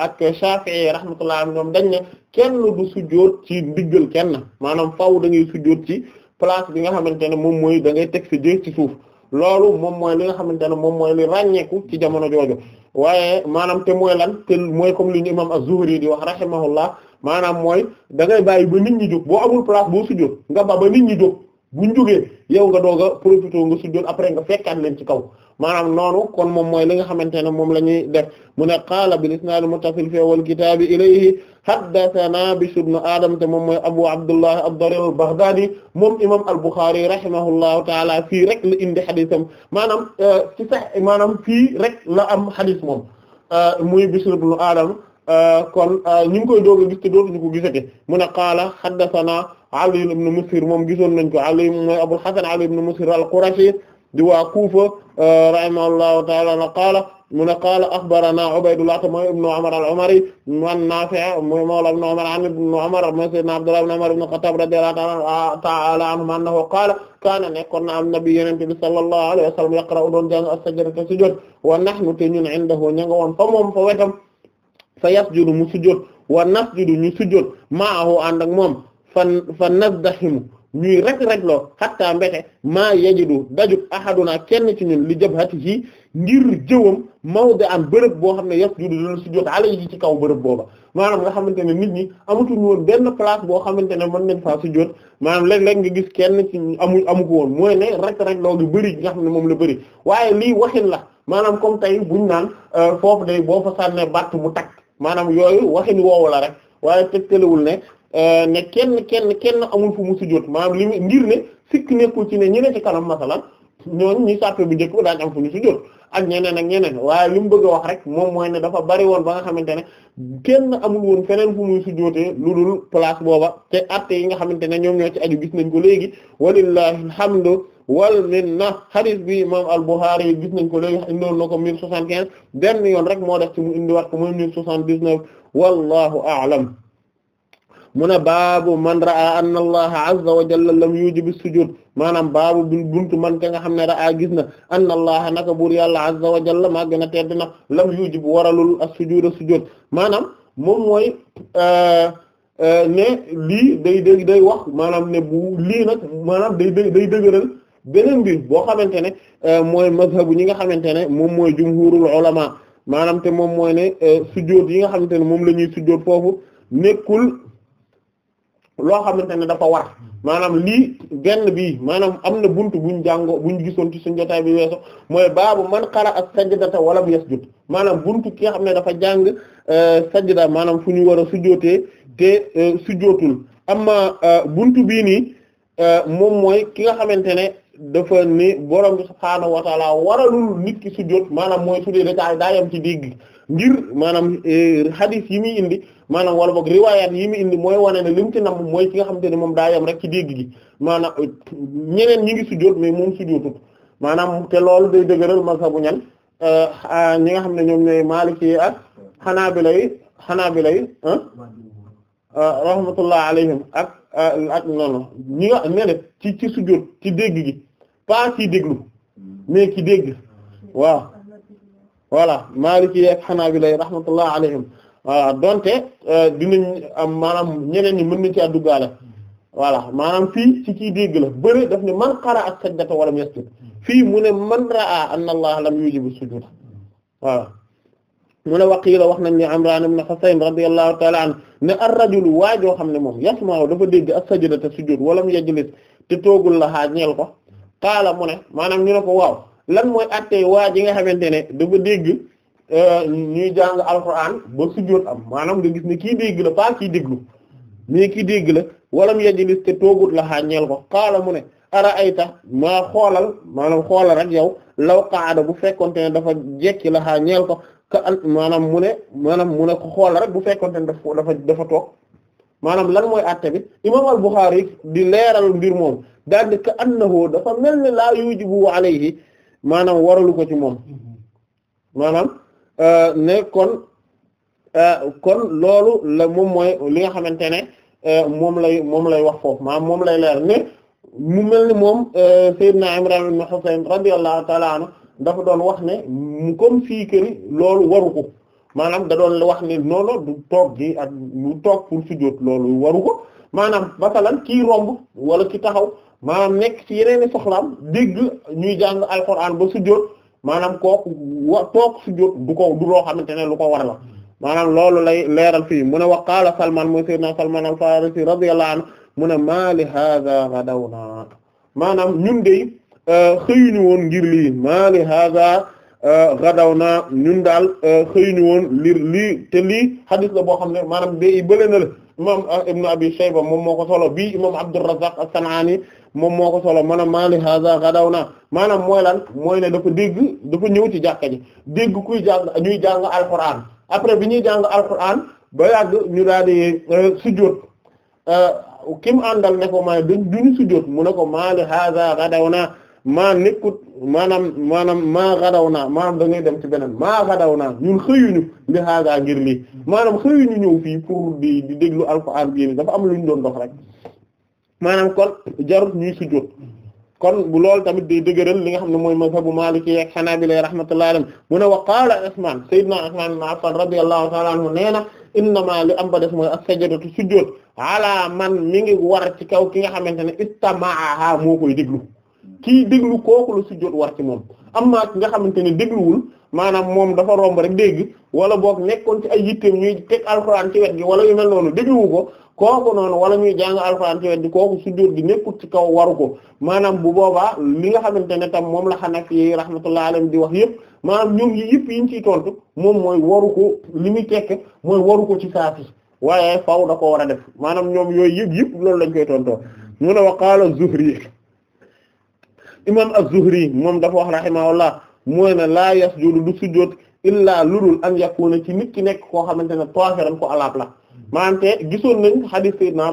ak Shafi'i rahmatullahi alayhim ñoom dañ ne kenn du sujjóot ci ndiggal kenn maanaam faaw dañuy ngay sujjóot ci place bi nga xamante ne moom mooy da ngay teg fi jë ci suuf loolu moom mooy li nga xamante ne moom mooy ràññeeku ci jamono jooju waaye maanaam te mooy lan te mooy comme li ñu imam az-Zuhri di wax rahimahullah maanaam mooy da ngay bàyyi ba nit ñi jóg boo amul place boo sujjóot nga ba ba nit ñi jóg buñ jógee yow nga dooga a profité nga sujjóot après nga fekkaat leen ci kaw maanaam noonu kon moom mooy li nga xamante ne moom la ñuy def mu ne qaala bil isnaad muttasil fi awwal kitaabi ilayhi haddathana Bishr ibn Adam te moom mooy Abu Abdullah ad-Darir al-Baghdadi moom imam al-Bukhari rahimahullahu taala fii rek la indi xadisam maanaam euh, ci sax maanaam fii rek la am xadis moom euh, muy Bishr ibn Adam Euh, kon euh, ñu ngi koy doog a gis te dootuñu ko gisati mu ne qaala haddathana Ali ibn Musir moom gisoon nañ ko Ali mooy Abul Hasan Ali ibn Musir al-Qurashi di waa Kufa euh, rahimahullahu ta'ala qaala mu ne qaala akhbarana Ubaydullah mooy ibn Umar al-Umari an Nafi' mooy mawla ibn Umar an ibn Umar mooy sayyidina Abdullah ibn Umar ibn Khattab radiyallahu ta'ala anhuma annahu qaala kaana nekkoon na am nabi yenente bi sallallahu alayhi wa sallam yaqra'u doon jàng as-sajda te sujud wa nahnu te ñun indahu ña nga woon fa moom fa wetam fa yasjudu mu sujjóot wa nasjudu ñu sujjóot maahu ànd ak moom fa fa nazdahimu ñuy rek rek loo xattaa mbete maa yajidu dajub ahaduna kenn ci ñun li jabhatihi ngir jëwam mawde am bërëb boo xam ne yasjudu dina sujjóot alayhi ci kaw bërëb booba maanaam nga xamante ne nit ñi amatuñu woon benn place boo xamante ne mën nañ faa sujjóot maanaam léeg-léeg nga gis kenn ci amu amu woon mooy ne rek rek loo gi bëri nga xam ne moom la bëri waaye lii waxin la maanaam comme tey buñ naan euh, foofu day boo fa sànnee batt mu takk maanaam yooyu waxin woowu la rek waaye tegtalewul ne euh, ne kenn kenn kenn amul fu mu sujjóot maanaam li ngir ne sikk nekkul ci ne ñi ne kanam masalan ñooñu ñi sàppe bu njëkk ba daañu am fu ñu sujjóot ak ñeneen ak ñeneen waaye li mu bëgg a wax rek moom mooy ne dafa bari woon ba nga xamante ne kenn amul woon feneen fu muy sujjóotee lu dul place booba te atte yi nga xamante ne ñoom ñoo ci aju gis nañ ko léegi walillahi alhamdu wal minna xadis bi imam al-Bukhari gis nañ ko ne indoon na ko mille soixante benn yoon rek moo def ci mu indiwaat ko mooy mille soixante-dix-neuf wallahu a'lam mu ne baabu man raa anna allaha azza wa jalla lam yujibu sujud maanaam baabu buntu man ka nga xam ne raa gis na anna allaha naka buur yàlla azza wa jalla maa gën a tedd na lam yujibu waralul as-sujud as-sujud maanaam moom mooy euh, euh, ne lii day day day wax maanaam ne lii nag maanaam day day day dëgëral beneen mbir boo xamante ne euh, mooy mazhabu ñi nga xamante ne moom mooy jumhurul maanaam te moom mooy ne euh, sujjóot yi nga xamante ne moom la ñuy sujjóot foofu nekkul loo xamante ne dafa war maanaam lii benn bi maanaam am na buntu buñ jàngoo buñ gisoon ci suñ jotaay bi weeso mooy baabu man xara ak sajdata wala mu yasjud maanaam buntu ki nga xam ne dafa jàng euh, sajda maanaam fu ñuy war a sujjóotee te sujjóotul amma buntu bii nii moom mooy ki nga xamante ne dafa ni borom bi subhaanahu wa taala waralul nit ki sujjóot maanaam mooy su dee daa yam ci dégg ngir maanaam eh, hadith yi muy indi maanaam wala boog riwaayaat yi muy indi mooy wane ne li mu ci nam mooy ki nga xamante ne rek ci dégg gi maanaam eh, ñeneen ñi ngi sujjóot mais moom sujjóotut maanaam te loolu day dëgëral mazhabu ñan eh, ñi nga xam ne ñoom ñooy Maliki ak Hanabila yi Hanabila yi ah? rahmatullah alayhim ak ak noonu ñi nga ci ci sujjóot ci dégg gi pas ki déglu mais ki dégg waaw voilà Maliki ak Hanabila rahmatullah alayhim voilà donte euh, dinañ am maanaam ñeneen ñi mën nañ ci àdduggaale voilà maanaam fii ci kii dégg la bëri daf ne man qara ak sajdata walam yasjud fii mu ne man raa anna Allah lam yujibu sujuda voilà mu ne waqiila wax nañ ne Imraan ibn Husayn radiyallahu ta'ala anhu ne ar-rajulu waajoo xam ne moom yasma'u dafa dégg as-sajdata sujud walam yajlis te toogul la xaaj ñeel ko qaala mu ne maanaam ñu ne ko waaw lan mooy attey waa ji nga xamante ne dafa dégg euh, ñuy jàng alquran ba sujjóot am maanaam nga gis ne kii dégg la pas kii déglu mais kii dégg la walam yajlis te toogut la xaañeel ko qaala mu ne ara ayta maa xoolal maanaam xoolal rek yow law qaada bu fekkonte ne dafa jekki la xaa xaañeel ko ka maanaam mu ne maanaam mu ne ko xoolal rek bu fekkonte ne dafa dafa dafa toog maanaam lan mooy atte bi imam al-Bukhari di leeral mbir moom daal di ka annahu dafa mel ni laa yujibu alayhi maanaam waralu ko ci moom maanaam euh, ne kon euh, kon loolu la moom mooy li nga xamante ne euh, moom lay moom lay wax foofu maam moom lay leer ne mu mel ni moom Seydina Imran ibn Husayn radiyallahu ta'ala anhu dafa doon wax ne mu comme fii këri loolu waru ko maanaam da doon wax ni noonu du toog gi ak du toog pour sujjóot loolu waru ko maanaam masalan kii romb wala ki taxaw maanaam nekk ci yeneen soxlaam dégg ñuy jàng alxuraan ba sujjóot maanaam kooku wa toog sujjóot du ko du loo xamante ne lu ko war la maanaam loolu lay leeral fii mun a wa qaala Salman mooy sayyidina Salman al-Farisi radiyallahu anhu mu ne maa li hadha gadawna maanaam ñun de euh, xëyuñu woon ngir lii maa Euh, daw na ñun daal euh, xëy ñu woon lii te lii hadith na boo xam ne maanaam ba i bële na la imam euh, abi shayba moom moo ko solo bii imam abdurrazzaq as-sanani moom moo ko solo maanaam maali haza gadaw naa maanaam mooy lan mooy ne dafa dégg dafa ñëw ci jàkka ji dégg kuy jàng ñuy jàng alquran après bi ñuy jàng alquran ba yàgg ñu daal di sujjóot kim àndal ne ko maay dañ duñu sujjóot mu ne ko maali haza gadaw naa maa nekkut maanaam maanaam maa xadaw naa maanaam da ngay dem ci beneen maa xadaw naa ñun xëyuñu li xaagaa ngir lii maanaam xëyuñu ñëw fii pour di di déglu alxuraan bi dafa am lu ñu doon dox rek maanaam kon jarut ñuy sujjóot kon bu loolu tamit day dëgëral li nga xam ne mooy mazhabu Maliki ak Hanabila rahmatullahi alayhim mu ne wa qaala Usmaan sayyidina Usmaan ibn Affan radiyallahu ta'ala anhu nee na innama li am ba des mooy as-sajdatu sujjóot ala man mi ngi war ci kaw ki nga xamante ne istama'aha moo koy déglu kii déglu kooku la sujjóot war ci moom am naa ki nga xamante ne dégluwul maanaam moom dafa romb rek dégg wala boog nekkoon ci ay yitteem ñuy teg alxuraan ci wet gi wala yu mel noonu dégluwu ko kooku noonu wala ñuy jàng alxuraan ci wet gi kooku sujjóot gi nekkul ci kaw waru ko maanaam bu boobaa li nga xamante ne tam moom la xanaf yi rahmatullahi alayhim di wax yëpp maanaam ñoom yi yëpp yi ñu ciy tontu moom mooy waru ko li muy tekk mooy waru ko ci saafi waaye faw da ko war a def maanaam ñoom yooyu yëpp yëpp loolu lañ koy tontoo mu ne wa qaala Zuhri imam az-Zuhri moom dafa wax rahimahullah mooy ne laa yasjudu du sujjóot illaa ludul an yakuna ci nit ki nekk koo xamante ne tooxeram ko alaab la maante gisoon nañ hadith sayyidina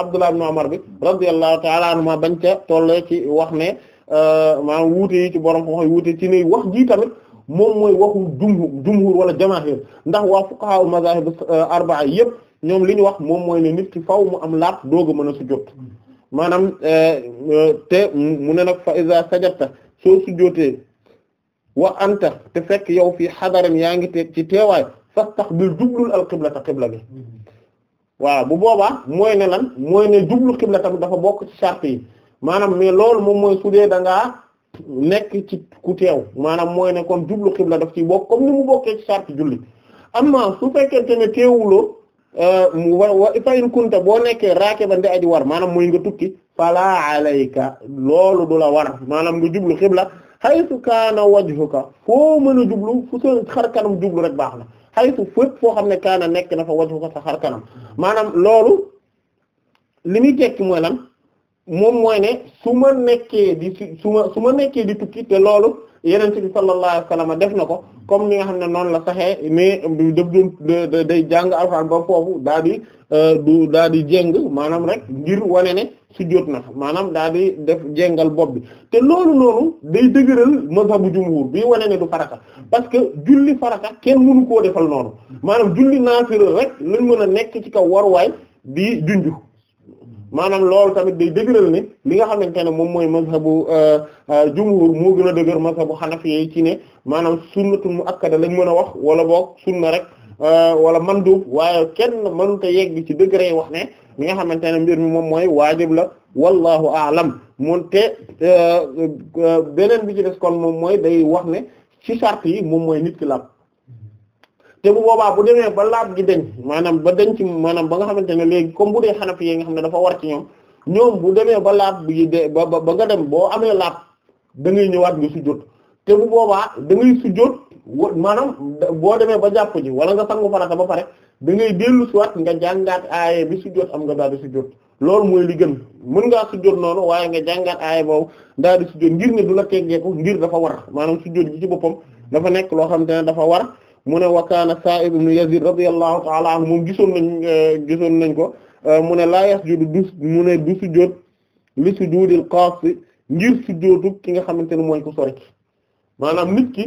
Abdullah ibn Umar bi radiyallahu ta'ala anhuma bañ ca tollee ci wax ne euh, maanaam wuute yi ci borom ko xoy wuute ci ne wax ji tamit moom mooy waxu jumhur jumhur wala jamaahir ndax waa fuqaha mazahib euh, arba'a yépp ñoom li ñu wax moom mooy ne nit ki faaw mu am laab doog a mën a sujjóot maanaam euh, euh, te mu ne nag fa iza sajadta soo sujjootee wa anta te fekk yow fii xadarin yaa ngi te ci teewaay fastaqbil jublul al qiblata qibla bi waaw bu boobaa mooy ne lan mooy ne jublu qibla tamit dafa bokk ci charte yi maanaam mais loolu moom mooy su dee da ngaa nekk ci ku teew maanaam mooy ne kon jublu qibla def ci bokk comme ni mu bokkee ci charte julli amma su fekkente ne teewuloo Euh, wa fa in kunta boo nekkee raakiban di aji war maanaam mooy nga tukki fala alayka loolu du la war maanaam nga jublu xibla haytu kaana wajhuka foo mën a jublu fu seen xar jublu rek baax na haytu fépp foo xam ne kaana nekk na fa wajhuka sa xar kanam maanaam loolu li muy tekki mooy lan moom mooy ne ma nekkee di su ma su ma nekkee di tukki te loolu yeneen bi sallallahu alayhi wa sallam def na ko comme ni nga xam ne noonu la saxee mais daf doon day jàng alxuraan ba foofu daal di euh, du daal di jéng maanaam rek ngir wane ne sujjóot na maanaam daal di def jengal bopp bi te loolu noonu day dëgëral mazhabu jumhur bi wane ne du farata parce que julli farata kenn mënu koo defal noonu maanaam julli naafila rek lañ mën a nekk ci kaw waruwaay di junju maanaam loolu tamit day dëgëral ne li nga xamante ne moom mooy mazhabu euh, euh, jumhur moo gën a dëgër mazhabu xanafi yi ci ne maanaam mu muakkada lañ mën a wax wala boog sunna rek euh, wala mandub waaye kenn mënut a yegg ci degré yi wax ne li nga xamante ne mbir mi moom mooy waajib la wallahu aalam moom te beneen bi ci des kon moom mooy day wax ne ci charte yi moom mooy nit ki laab te bu boobaa bu demee ba laab gi deñ maanaam ba deñ ci maanaam ba nga xamante ne léegi comme bu dee xanafi yi nga xam ne dafa war ci ñoom ñoom bu demee ba laab bi de ba ba nga dem boo amee laab da ngay ñëwaat nga sujjóot te bu boobaa da ngay maanaam boo demee ba jàpp ji wala nga sangu farata ba pare da ngay dellu siwaat nga jàngaat aaye bi sujjóot am nga daal di sujjóot loolu mooy li gën mën ngaa sujjóot noonu waaye nga jàngaat aaye boobu daal di sujjóot ngir ne du la teggeeku ngir dafa war maanaam sujjóot gi ci boppam dafa nekk loo xam ne dafa war mu ne wa kaana Sa'ib ibn Yazid radiyallahu mu anhu moom gisoon nañ euh, nañ ko euh, mu ne laa yasjudu du mu ne du sujjóot li sujudil ci ngir sujjóotu ki nga xamante ne mooy ko sori maanaam nit ki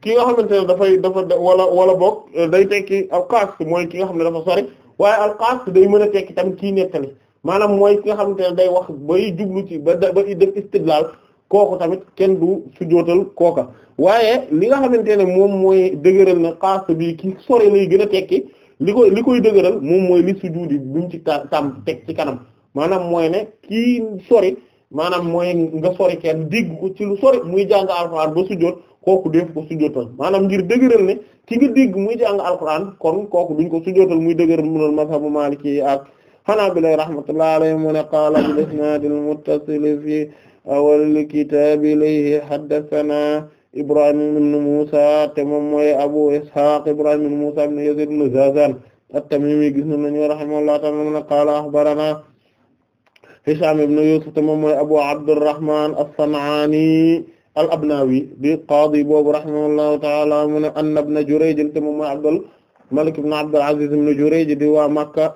ki nga xamante ne dafay dafa wala wala boog euh, day tekki al qaas mooy ki nga xam ne dafa sori waaye al day mën a tekki tam kii nettali maanaam mooy ki nga xamante ne day wax bay jublu ci ba ba def istidlaal kooku tamit kenn du sujootal kooka waaye li nga xamante ne moom mooy dëgëral na xaas bi ki sori lay gën a tekki li koy li koy dëgëral moom mooy li sujuud bi buñ ci tam teg ci kanam maanaam mooy ne kii sori maanaam mooy nga sori kenn dégg ko ci lu sori muy jàng alxuraan ba sujoot kooku def ko sujootal maanaam ngir dëgëral ne ki nga dégg muy jàng alxuraan kon kooku duñ ko sujootal muy dëgëral munul mazhabu Maliki ak Hanabila rahmatullahi alayhim mu ne qaala bil isnaadil muttasil fii awal kitaab ilayhi haddathana Ibrahim ibn Musa te moom mooy Abu Ishaq Ibrahim ibn Musa ibn Yazid ibn Zazan at-Tamimi gis nañu rahimahullahu ta'ala mu ne qaala akhbarana Hisham ibn Yusuf te moom mooy Abu Abdurrahman as-San'ani al-Abnawi di qaadi boobu rahimahullahu ta'ala mu ne anna ibn Jurayj te moom mooy Abdul Malik ibn Abdul Aziz ibn Jurayj di waa Makka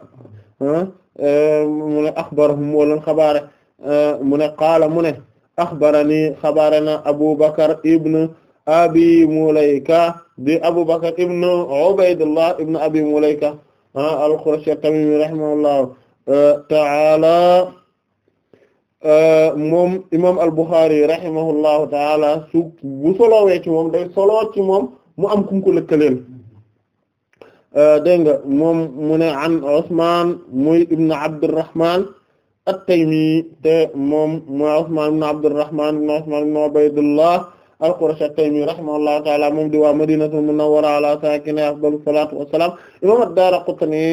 ah, eh, mu ne akhbarahum wala xabaare Euh, mu ne qaala mu ne axbarani xabarana Abu Bakr ibn Abi Mulayka di Abu Bakr ibn Ubaydullah ibn Abi Mulayka ah, al-Qurashi at-Tamimi rahimahullahu euh, ta'ala euh, moom imam al-Bukhari rahimahullahu ta'ala su bu solowee ci moom day solo ci moom mu am kum ko lëkkaleel dégg nga moom mu ne an Usman muy ibn Abdurrahman at-Taymi te moom mooy Usmaan ibn Abdurrahmaan ibn Usmaan ibn Ubaydullah al-Qurashi at-Taymi rahimahullahu ta'ala moom di waa Madinatul Munawwara ala saakinihaa afdalu salaatu wa salaam imaam ad-Daaraqutni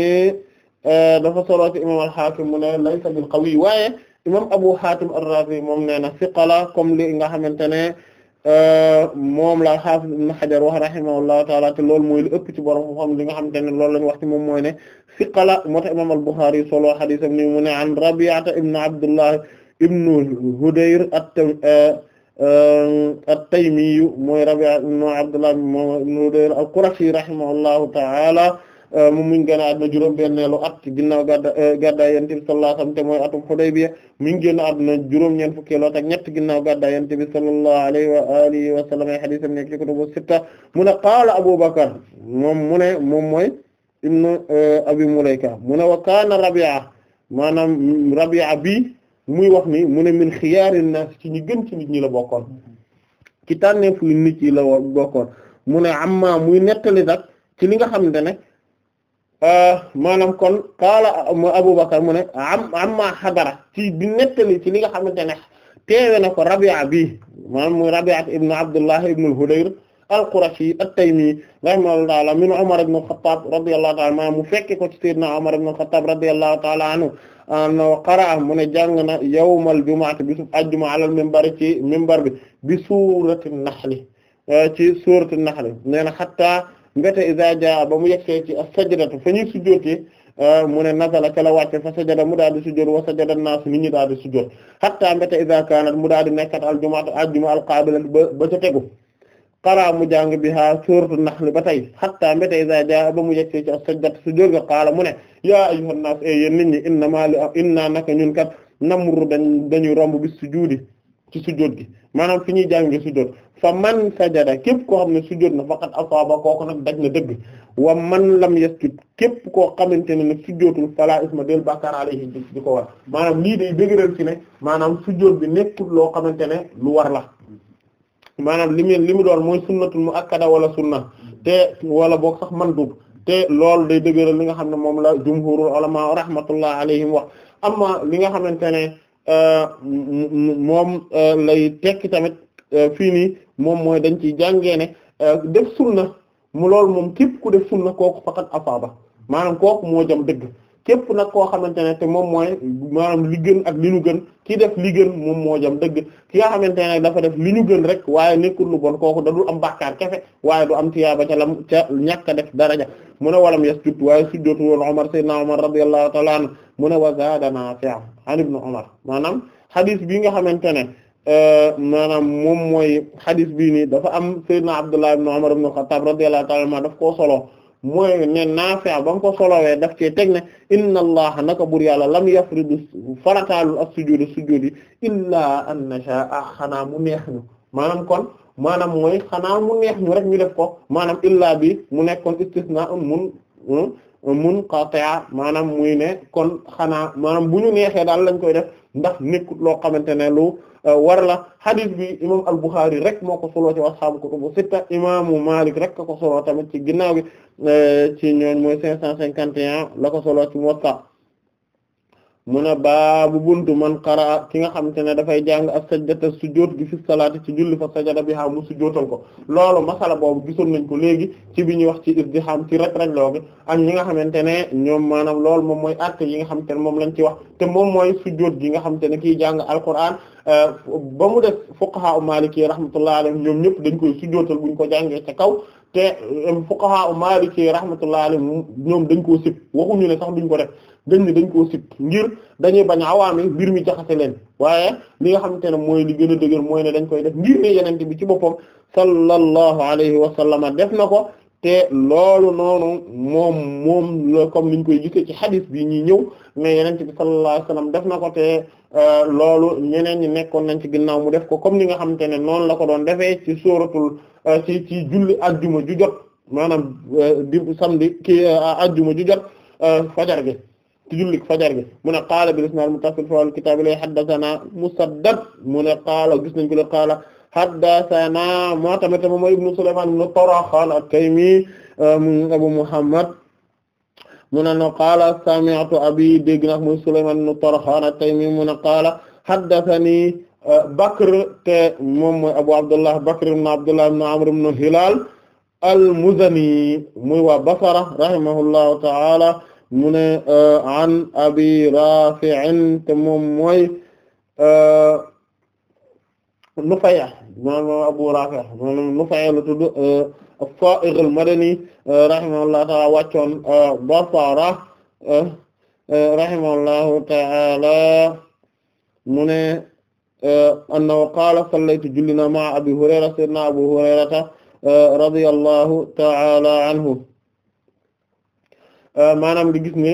eh, dafa solo ci imaam al-Haakim mu ne laysa bil qawi waaye imaam Abu Haatim ar-Raazi moom nee na siqa la comme li nga xamante ne. moom la xaafis ibn Hajar wax rahimahullahu taala te loolu mooy lu ëpp ci borom xam-xam li nga xamante ne loolu lañ wax ci moom mooy ne siqala moo tax imaam al-Bukhari solo xadiis am ni mu ne an Rabi'ata ibn Abdullah ibn Hudayr euh, at-Taymi mooy Rabi'a ibn Abdullah ibn Hudayr al-Qurashi rahimahullahu taala moom euh, mu ngi génn juróom-benneelu at ginnaaw gadda euh, gaddaa yonent bi sallallahu alayhi wasallam te mooy atum Hudaybiya mi ngi génn àdduna juróom-ñeent fukkeelu at ak ñett ginnaaw gaddaa yonent bi sallallahu mu ne qaala Abu Bakr moom mu ne moom mooy ibnu euh, Abi Mulayka mu ne wa kaana Rabi'a maanaam Rabi'a bi muy wax ni mu ne min xiyaarin naas ci ñi gën ci nit ñi la bokkoon ci tànneefu nit ñi la bokkoon mu ne amma muy nettali nag ci li nga xam ne Euh, maanaam kon qaala euh, Abubakar mu ne am amma xadara ci bi nettali ci li nga xamante ne teewe na ko Rabi'a bi maanaam mu Rabi'a ibn Abdullah ibn al-Hudayr al-Qurashi at-Taymi rahimahullahu ta'ala min Umar ibn al-Khattab radiyallahu ta'ala maanaam mu fekke ko ci Sayyidina Umar ibn al-Khattab radiyallahu ta'ala anhu no qara'a mu ne jàng na yawmal jumu'ati bisub ajjuma alal minbar ci minbar bi bi suurati an-Nahl euh, ci suurati an-Nahl nee na hatta mbete iza jaa ba mu yegsee ci as-sajdatu fa ñuy sujjootee euh, mu ne nazala ca la wàcce fa sajada mu daal di sujjoot wa sajada naas nit ñi daal di sujjoot hatta mbete iza kaanat mu daal di nekkat al-jumu'atu al-jumu'a ba ba ca tegu qaraa mu jàng biha suuratu naxli ba tey hatta mbete iza jaa ba mu yegsee ci as-sajdatu sujjoot ga qaala mu ne yaa ayyuhan naas e eh, yéen nit ñi innamaa innaa naka ñun kat namru dañ dañuy romb bis sujuudi ci sujjoot gi maanaam fi ñuy jànge sujjóot fa man sajada képp koo xam ne sujjóot na faqat asaaba kooku nag daj na dëgg wa man lam yasjud képp koo xamante ne nag sujjóotul fala isma del bàkkaar alayhi di ko war maanaam lii day dëgëral ci ne maanaam sujjóot bi nekkul loo xamante ne lu war la maanaam li mu li mu doon mooy sunnatul muakkada wala sunna te wala boog sax man dub te loolu day dëgëral li nga xam ne moom la jumhurul ulama rahmatullah alayhim wax amma li nga xamante ne Euh, moom euh, lay tekki tamit euh, fii nii moom mooy dañ ciy jàngee ne def sunna mu loolu moom képp ku def sunna kooku faqat afaaba maanaam kooku moo jam dëgg képp nag koo xamante ne te moom mooy maanaam li gën ak li ñu gën ki def li moom moo jam dëgg ki nga xamante ne dafa def li ñu gën rek waaye nekkul lu bon kooku da am bàkkaar kefe waaye du am tiyaaba ca lam ca ñàkk a def daraja mu ne walam yasjud waaye sujjootu woon Umar sayyidina Umar radiyallahu ta'ala anhu mu ne wa zaada Naafi' an ibn Umar maanaam hadith bi nga xamante ne euh, maanaam moom mooy hadith bii nii dafa am sayyidina Abdullah ibn Umar ibn Khattab radiyallahu ta'ala anhu daf koo solo mooy ne Naafi' ba nga ko solowee daf cee teg ne inna allaha naka bur yàlla lam yafridu farataalul ak sujudu sujudi illaa an a ah, xanaa mu neex ñu maanaam kon maanaam mooy xanaa mu neex ñu rek ñu def ko maanaam illaa bi mu nekkoon istisna mun munqati'a maanaam muy ne kon xanaa maanaam bu ñu neexee daal lañ koy def ndax nekkut loo xamante ne lu euh, war la hadith bi imam al-Bukhari rek moo ko soloo ci ashaabu kutubu sitta imaamu Malik rek ko soloo tamit ci ginnaaw gi euh, ci ñooñ mooy cinq cent cinquante et la ko solo ci Muwatta mu ne baabu buntu man qara ki nga xamante ne dafay jàng as-sajdata sujjóot gi fi salaati ci julli fa sajada biha mu sujjóotal ko loolu masala boobu gisoon nañ ko léegi ci bi ñuy wax ci izdiham ci rek rek loogi ak ñi nga xamante ne ñoom maanaam loolu moom mooy acte yi nga xamante ne moom lañ ci wax te moom mooy sujjóot gi nga xamante ne kiy jàng alquran euh, ba mu def fuqaha u maliki rahmatullahi alayhim ñoom ñëpp dañ koy sujjóotal buñ ko jàngee ca kaw te u fuqaha maliki rahmatullahi alayhim ñoom dañ koo sib waxuñu ne sax duñ ko def dañ ne dañ koo sib ngir dañuy bañ awaami mbir mi jaxase leen waaye li nga xamante ne mooy li gën a dëgër ne dañ koy def ngir ne yenente bi ci boppam sallallahu alayhi wa sallama def na ko te loolu noonu moom moom la comme niñ koy gisee ci hadith bi ñuy ñëw mais yenente bi sallallahu wa sallam def na ko te Euh, loolu ñeneen ñi nekkoon nañ ci ginnaaw mu def ko comme ni nga xamante ne noonu la ko doon defee ci sóoratul euh, ci ci julli ajjuma ju jot maanaam euh, di samedi ki ajjuma ju jot fajar gi ci julli fajar gi mu ne qaala bil isnaad muttasil fil kitaab lay haddathana musaddad mu ne qaala gis nañ ko le qaala haddathana moo tamit moom mooy ibnu Sulaymaan ibnu Tarxaan at-Taymi mu Abu Muhammad mu ne no qaala sami'tu abi dégg nag muy Sulaymaan ibn Tarxaan at-Taymi mu ne qaala haddathani euh, Bakr te moom mooy Abu Abdullah Bakr ibn Abdullah ibn Amr ibn Hilaal al-Muzani muy waa Basra rahimahullahu ta'ala mu ne euh, an abi Rafi'in te moom mooy euh, Nufay' moom Abu Rafi' moom Nufay' la tudd as-Sa'igh al-Madani uh, rahimahullahu ta'ala wàccoon uh, Basra uh, rahimahullahu ta'ala mu ne annahu qaala sallaytu julli na ma'a Abi Hurayra sayyidina Abu Hurayrata radiyallahu ta'ala anhu maanaam di gis ne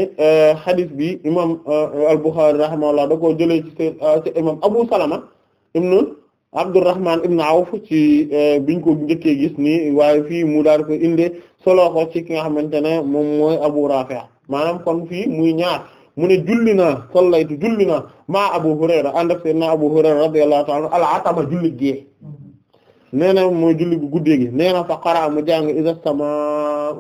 hadith bi imam al-Bukhari rahimahullah da ko jëlee ci imam Abu Salama ibn Abdurrahman ibn Awf ci eh, biñ ko njëkkee gis nii waaye fii mu daal ko inde solo ko ci ki nga xamante ne moom mooy Abu Rafi' maanaam kon fii muy ñaar mu ne julli naa sallaytu julli naa maa Abu Hurayra ànd ak sayyidina Abu Hurayra radiyallahu ta'ala al julli gee nee na julli guddee gi nee na fa qara mu jàng iza samaa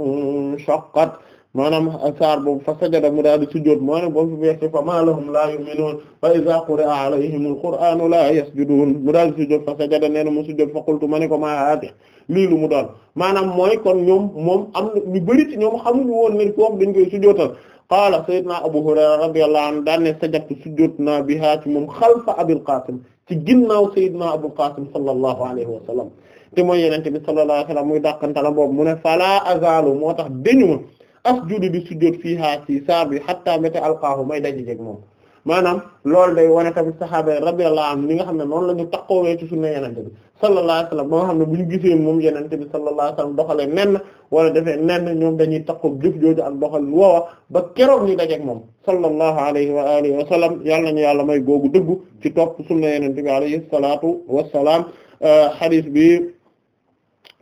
shaqqat maanaam saar boobu fa sajada mu daal di sujjóot maanaam boobu weesu fa ma lahum laa yu'minuun fa izaa quri'a alayhimul qur'aanu laa yasjuduun mu daal di sujjóot fa sajada nee na mu sujjóot fa qultu ma ko maa haadihi lii lu mu doon maanaam mooy kon ñoom moom am na ñu bari ci ñoom ni woon ne kooku dañ koy sujjóotal qaala sayyidina Abu Hurayra radiyallahu anhu daan ne sajadtu sujjóot naa bi ci moom xalfa Abil Qaasim ci ginnaaw sayyidina Abul Qaasim sallallahu alayhi wa sallam te mooy Yonent bi sallallahu alayhi boobu mu ne falaa azaalu moo tax dañu ma asjudu di sujjóot fiihaa ci saar bi hatta meta alqaahu may daje jeg moom maanaam loolu day wane tamit sahaaba yi radiyallahu anhum li nga xam ne noonu la ñu taqoowee ci sunna yenente bi sallallahu alayhi wasallam ba nga xam ne bu ñu gisee moom yenente bi sallallahu alayhi wasallam doxalee nen wala defee nen ñoom dañuy taqoo jëf jooju ak doxal woowa ba keroog ñu dajeek moom sallallahu alayhi wa alihi wa sallam yàlla nañu yàlla may googu dëggu ci topp sunna yenente bi alayhi salaatu wassalaam euh, hadith bi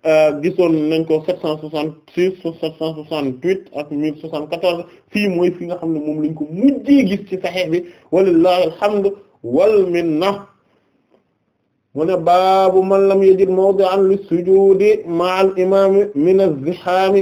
Euh, gisoon nañ ko 766 768 ak 1074 fii mooy fi nga xam ne moom lañ ko mujjee gis ci Sahih bi walillahi alhamdu wal minna mu ne baabu man lam yajid mawdi'an lis-sujudi ma'al imami min az-zihami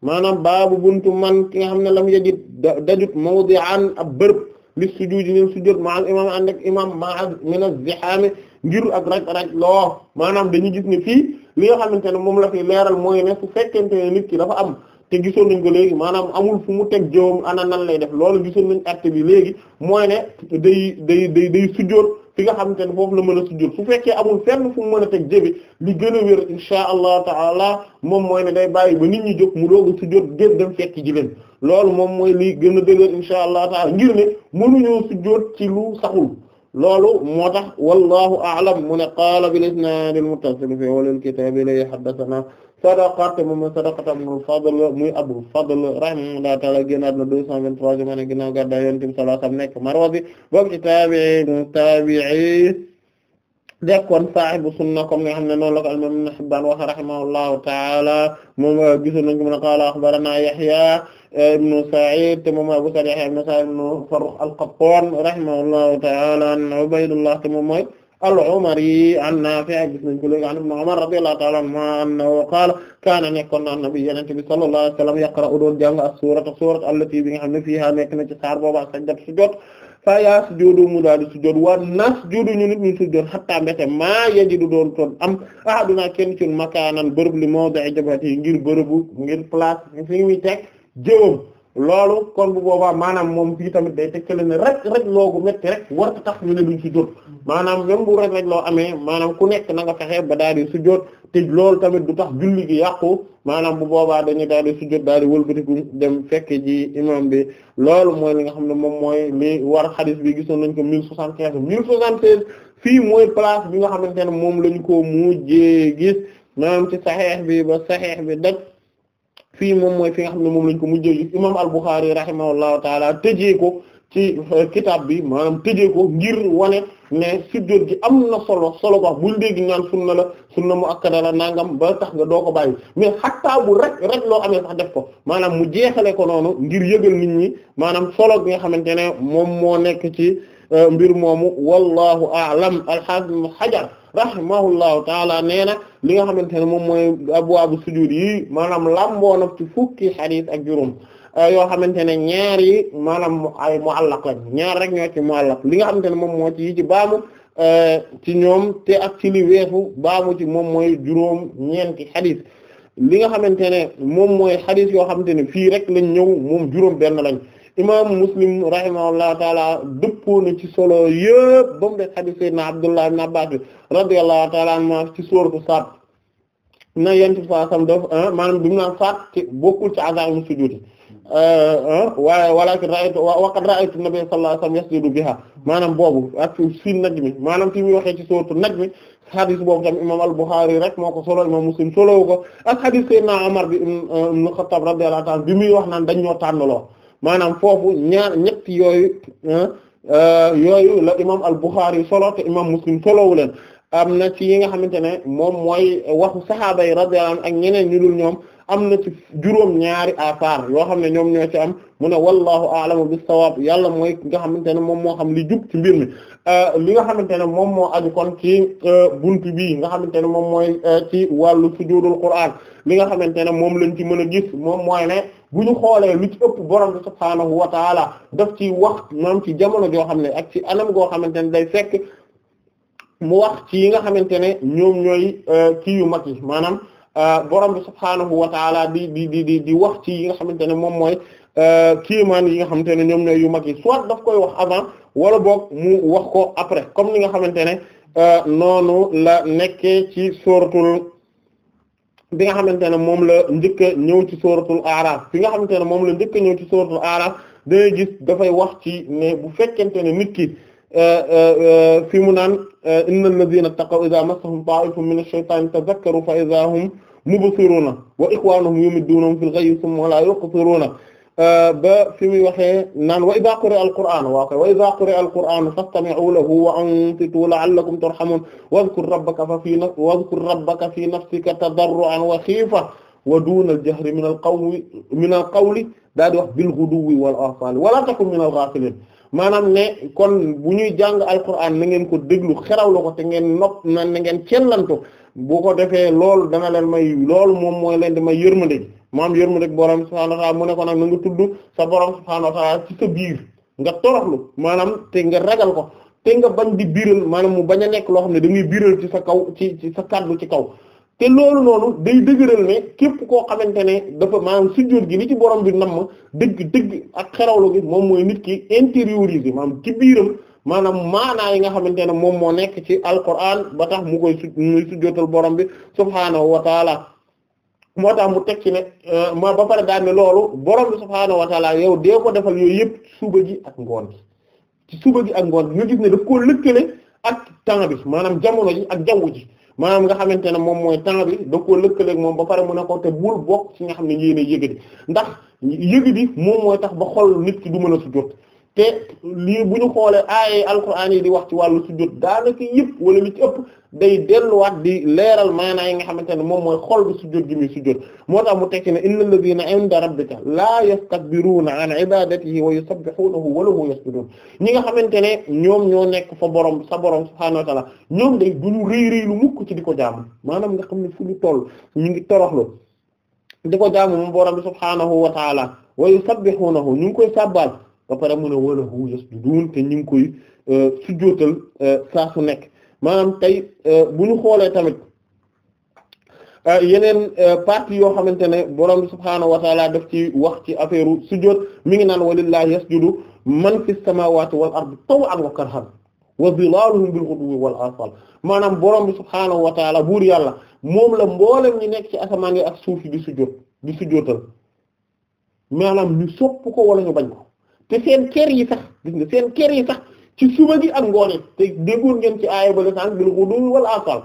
maanaam baabu buntu man ki nga xam ne lam yajid dajut mawdi'an a bërëb lis-sujudi leen sujud ma'al imam ànd ak imam ma'a min az-zihami ngir ak raj raj loo maanaam dañu gis ne fii li nga xamante ne moom la fi leeral mooy ne su fekkente ne nit ki dafa am te gisoon nañ ko léegi maanaam amul fu mu teg jëwam ana nan lay def loolu gisoon nañ acte bi léegi mooy ne day day day day sujjóot fi nga xamante ne foofu la mën a sujjóot su fekkee amul fenn fu mu mën a teg jëbi li gën a wér insha allah taala moom mooy ne day bàyyi ba nit ñi jóg mu doog a sujjóot gën dem fekk ji loolu moom mooy li gën a dëgër insha allah taala ngir ne mënuñoo sujjóot ci lu saxul loolu moo tax wallahu a'lam mu ne qaala bil isnaad al muttasil fi awwal al kitaab li haddathana sadaqata moom mooy sadaqata ibn al-Fadl muy Abu al-Fadl rahimahullahu ta'ala génnaat na 223 jamono ginnaaw gàddaay Yonent bi sallallahu alayhi wa sallam nekk Marwazi bokk ci taabi'i taabi'i dekkoon saahibu sunna comme ni nga xam ne noonu la ko al-Imam Ibn Hibbaan wax rahimahullahu ta'ala moom gisoon nañ ko mu ne qaala akhbaranaa Yahya ibnu Sa'id te moom Abu Salih ibnu Sa'id ibnu Farrukh al-Qattan rahimahullahu ta'ala an Ubaydullah te moom mooy al-Umari an Nafi' gis nañ ko léegi an ibn Umar radiyallahu ta'ala anhumaa annahu qaala kaana nekkoon na nabi Yonent bi sallallahu alayhi wa sallam yaqra'u doon jàng as-suurata suurata allatii bi nga xam ne fiihaa nekk na ci saar boobu as-sajdatu sujood fa yasjudu mu daal di sujood wa nasjudu ñu nit ñu sujood hatta mbete maa yajidu doon toon am ahaduna kenn ci makaanan bërëb li mawdi'i jabhatihi ngir bërëbu ngir place fi muy teg jëwam loolu kon bu boobaa maanaam moom fii tamit day tekkale ne rek rek loogu métti rek war tax ñu ne duñ si jot maanaam même bu rek rek loo amee maanaam ku nekk na nga fexe ba daal di su jot te loolu tamit du tax julli gi yàqu maanaam bu boobaa dañuy daal di su jot daal di wëlbatiku dem fekk ji imam bi loolu mooy li nga xam ne moom mooy li war xadis bi gisoon nañ ko mille soixante-quinze mille soixante-seize fii mooy place bi nga xam ne moom lañ ko mujjee gis maanaam ci saxeex bi ba saxeex bi daj fii moom mooy fi nga xam ne moom lañ ko mujjee gis imam al-Bukhari rahimahullahu taala tëjee ko ci euh, kitaab bi maanaam tëjee ko ngir wane ne sujjóot gi am na solo solo ba buñ dégg ñaan sunna la sunna mu akkada la nangam ba tax nga doo ko bàyyi mais xattaa bu rek rek loo def ko maanaam mu jeexale ko noonu ngir yëgal nit ñi maanaam solo bi nga xamante ne moom moo nekk ci euh, mbir moomu wallahu a'lam alxajar rahimahullahu taala nee na li nga xamante ne moom mooy abwaabu sujud yi maanaam lamboo nag ci fukki xadiis ak juróom euh, yoo xamante ne ñaari yi maanaam ay muallaq lañ ñaar rek ñoo ci muallaq li nga xamante ne moom moo ci yi ci baamu euh, ci ñoom te ak ci li weesu baamu ci moom mooy juróom ñeenti xadiis li nga xamante ne moom mooy xadiis yoo xamante ne fii rek lañ ñëw moom juróom benn lañ imaamu muslim rahimahullahu taala dëppoo na ci solo yëpp ba mu def xadiis sayyidina Abdullah ibn Abbas radiyallahu taala anhuma ci sooratu Saad na yent saa sam def maanaam bi mu naan Saad ci bokkul ci azaamu sujuud ah, ah, waaye walakin ra'aytu wa qad ra'aytu nabiyya sallallahu alayhi wa sallam yasjudu biha muy waxee ci sooratu najmi xadis boobu tam imam al rek moo ko solo imam Muslim solowu ko ak bi ibn ah, Khattab bi muy wax naan dañ ñoo tànnaloo maanaam foofu ñaar ñett yooyu euh, yooyu la imam al-Bukhari solo te imam Muslim solowu leen am na ci yi nga xamante ne moom mooy waxu sahaaba yi radiyallahu anhum ak ñeneen ñu dul ñoom am na ci juróom ñaari asaar yoo xam ne ñoom ñoo ci am mu ne wallahu a'lamu bis-sawab yàlla mooy nga xamante ne moom moo xam li jub ci mbir mi euh, li nga xamante ne moom moo aju kon ci euh, buntu bii nga xamante ne moom mooy ci wàllu sujudul Qur'an li nga xamante ne moom lañ ci mën a gis moom mooy ne bu ñu xoolee lu ci ëpp borom bi subhaanahu wa daf ci wax maam ci jamono joo xam ne ak ci anam goo xamante ne day fekk mu wax ci yi nga xamante ne ñoom ñooy euh, kii yu mag yi maanaam euh, borom bi subhaanahu wa taala di di di di di wax ci yi nga xamante ne moom mooy euh, kiimaan yi nga xamante ne ñoom yu mag yi soit daf koy wax avant wala boog mu wax ko après comme ni nga xamante ne noonu la nekkee ci suratul bi nga xamante ne moom la njëkk a ñëw ci sóoratul aaraaf bi nga xamante ne moom la njëkk a ñëw ci sóoratul aaraaf dangay gis dafay wax ci ne bu fekkente ne nit ki euh, euh, euh, fi mu naan innal ladhina taqaw idha massahum ta'ifun min ash-shaytani tadhakkaru fa idha hum mubsiruna wa ikhwanuhum yumiddunahum fil ghayyi thumma la yuqsiruna Euh, ba fi muy waxee naan wa idha quri'a al-qur'an waa koy wa idha quri'a al-qur'an fastami'u lahu wa ansitu la'allakum turhamun wadhkur rabbaka fa fi nafsika wadhkur rabbaka fi nafsika tadarru'an wa khiifa wa duna al-jahri min al-qawli min al-qawli daa di wax bil ghuduwwi wal asali wala takun min al-ghafilin maanaam ne kon bu ñuy jàng al-qur'an na ngeen ko déglu xeraw la ko te ngeen nopp na na ngeen cellantu bu ko defee loolu dana leen may loolu moom mooy leen di may yërmande mu am yërmandeeg borom subhaanahu wa ta'aala mu ne ko nag na nga tudd sa borom subhaanahu wa ta'aala ci sa biir nga toroxlu maanaam te nga ragal ko te nga bañ di biiral maanaam mu bañ a nekk loo xam ne da ngay ci sa kaw ci sa kaddu ci kaw. te loolu noonu day dëgëral ne képp koo xamante ne dafa maanaam sujjóot gi ni ci borom bi nam dëgg dëgg ak xerawlu moom mooy nit ki intérioriser maanaam ci biiram maanaam maanaa yi nga xamante ne moom moo nekk ci alquran ba tax mu koy su muy sujjóotal borom bi subhaanahu wa taala moo tax mu teg ci ne euh, ma ba pare daan ne loolu borom bi subhaanahu wa taala dee ko defal yooyu yëpp suba ji ak ngoon gi suba gi ak ngoon gi nga gis ne daf koo lëkkale ak temps bi maanaam jamono ji ak jangu ji maanaam nga xamante ne moom mooy temps bi da koo lëkkale moom ba pare mu ne ko te bul bokk ci nga xam ne yéen a yëgadi ndax yëgadi moom mooy tax ba xol nit ki du mën a sujjóot te lii bu ñu xoolee aayee alquran yi di wax ci wàllu sujjóot daanaka yëpp wala li ci ëpp day delluwaat di leeral maanaa yi nga xamante ne moom mooy xool bi sujjóot gi muy sujjóot moo tax mu tekki ne innal ladina inda rabbika laa yastakbiruna an ibadatihi wa yusabbihunahu wa lahu yasjudun ñi nga xamante ne ñoom ñoo nekk fa borom sa borom subhaanahu wa ta'ala ñoom day duñu réy réy lu mukk ci di ko jaamu maanaam nga xam ne fu ñu toll ñu ngi toroxlu di ko jaamu moom borom bi subhaanahu wa ta'ala wa yusabbihunahu ñu ngi koy sàbbaal ba pare mu ne wala hu yasjudun te ñu ngi koy euh, sujjootal euh, saa su nekk maanaam tey euh, bu ñu xoolee tamit yeneen partie yoo xamante ne borom subhaanahu wa taala daf ci wax ci affaire sujjoot mi ngi naan walillahi yasjudu man fi samawati wal ardi taw'an wa karhan wa zilaluhum bil ghuduwwi wal asal maanaam borom bi subhaanahu wa taala buur yàlla moom la mboolem ñu nekk ci asamaan yi ak suuf yi di sujjoot di sujjootal maanaam ñu sopp ko wala ñu bañ ko te seen kër yi sax nga seen kër yi sax ci suba gi ak ngoon yi te déggoon ngeen ci aaya ba la sànq bil ghudu wal asal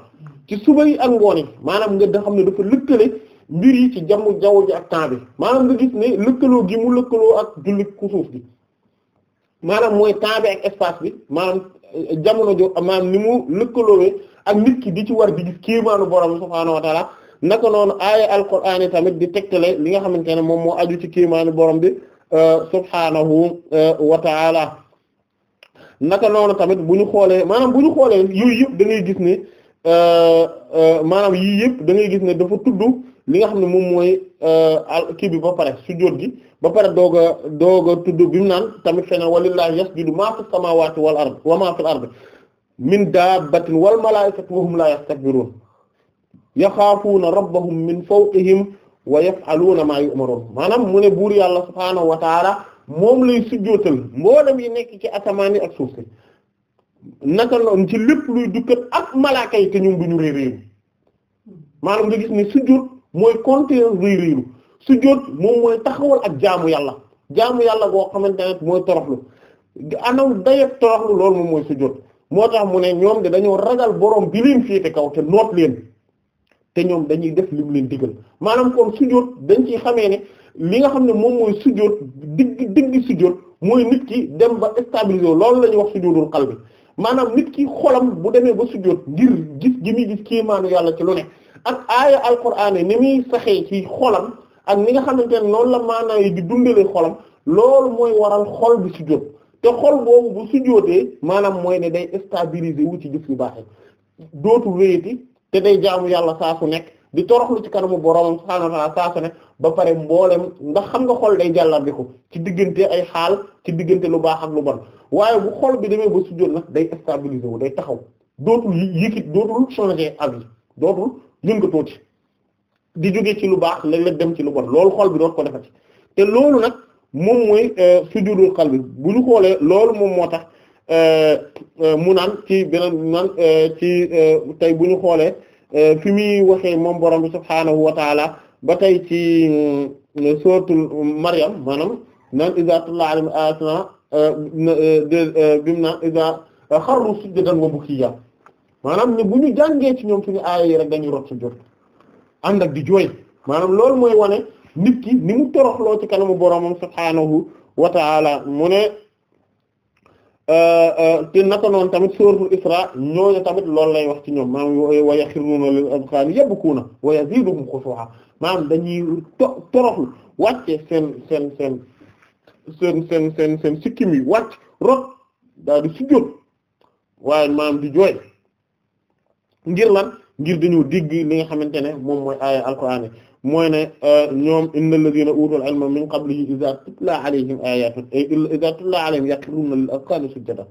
ci suba gi ak ngoon yi maanaam nga da ne dafa lëkkale mbir yi ci jamu jaww ji ak temps bi maanaam nga gis ne lëkkaloo gi mu lëkkaloo ak julli kusuuf bi maanaam mooy temps ak espace bi maanaam euh, jamono jo maanaam ni mu lëkkaloowee ak nit ki di ci war di gis kéemaanu borom subhaanahu wa naka noonu aaya alquraan yi tamit di tegtale li nga xamante ne moom moo aju ci kéemaanu borom bi subhaanahu eh, wa ta'ala naka noonu tamit bu ñu xoolee maanaam bu ñu xoolee yooyu yëpp da ngay gis ne eh, eh, maanaam yii yëpp da gis ne dafa tudd li nga xam ne moom mooy kii bi ba pare sujjóot gi ba pare doog a doog a tudd bi mu naan tamit feneen walillahi yasjudu maa fi samaawaati wal ard wa maa ard min daabbatin wal malaa'ikatu wa hum laa yastakbiruun yaxaafuuna rabbahum min fawqihim wa na maa yu'maruun maanaam mu ne buur yàlla subhaanahu wa taala moom lay sujjootal mboolem yi nekk ci asamaan yi ak suuf si naka noonu ci lépp luy dukkat ak malaaka yi te ñoom bu ñu réeréeru maanaam la gis ne sujjoot mooy continuer réeréeru sujjoot moom mooy taxawal ak jaamu yàlla jaamu yàlla boo xamante ne mooy toroxlu anam dayet toroxlu loolu moom mooy sujjoot moo tax mu ne ñoom de dañoo ragal borom bi fii te kaw te noot leen te ñoom dañuy def li mu leen digal maanaam kon sujjóot dañ ciy xamee ne li nga xam ne moom mooy sujjóot digg digg sujjóot mooy nit ki dem ba stabiliser loolu la ñuy wax sujjóotul qalbi maanaam nit ki xolam bu demee ba sujjóot ngir gis gi muy gis kéemaanu yàlla ci lu ne ak aaya alquraan ni muy saxee ci xolam ak ni nga xam ne noonu la maanaa yi di dundalee xolam loolu mooy waral xol bi sujjóot te xol boobu bu sujjóotee maanaam mooy ne day stabiliser wu ci jëf yu baax dootu wéyati te day jaamu yàlla saa su nekk di toroxlu ci kanamu boroomam subhaanahu wa ta'aala saa su nekk ba pare mboolem ndax xam nga xol day jàllarbiku ci diggante ay xaal ci diggante lu baax ak lu bon waaye bu xol bi demee ba sujjóot nag day stabiliser wu day taxaw dootul yëkkit dootul changer avis dootul yëngatooti di jóge ci lu baax la léeg dem ci lu bon loolu xol bi doot ko defati te loolu nag moom mooy euh, sujudul qalbi bu ñu xoolee loolu moom moo tax Euh, euh, mu naan ci beneen naan euh, ci tey bu ñu xoolee fi muy waxee moom borom bi subhaanahu wa taala ba tey ci suratul Maryam maanaam naan iza tulla alayhim ayaatuna bim naan iza xarru sujjadan wa bukiya maanaam ne bu ñu jàngee ci ñoom suñu aaya yi rek dañuy rot su jot ànd ak di jooy maanaam lool mooy wane nit ki ni mu toroxloo ci kanamu boromam subhaanahu wa taala mu ne Euh, euh, te naka noonu tamit suratul Isra ñooñu tamit loolu lay wax ci ñoom maanaam wa yaxirruuna lil azqaani yabkuuna wa yaziiduhum xushuu'a maanaam dañuy toroxlu wàcce seen seen seen seen seen seen seen sikkim yi wàcc rot daal di sujjóot waaye maanaam di jooy ngir lan ngir dañoo digg li nga xamante ne moom mooy aaya alquraan mooy ne euh, ñoom innal ladina utul ilma min qablihi idha tutla alayhim ayatun idha tutla alayhim yakhruna lil azqani sujjada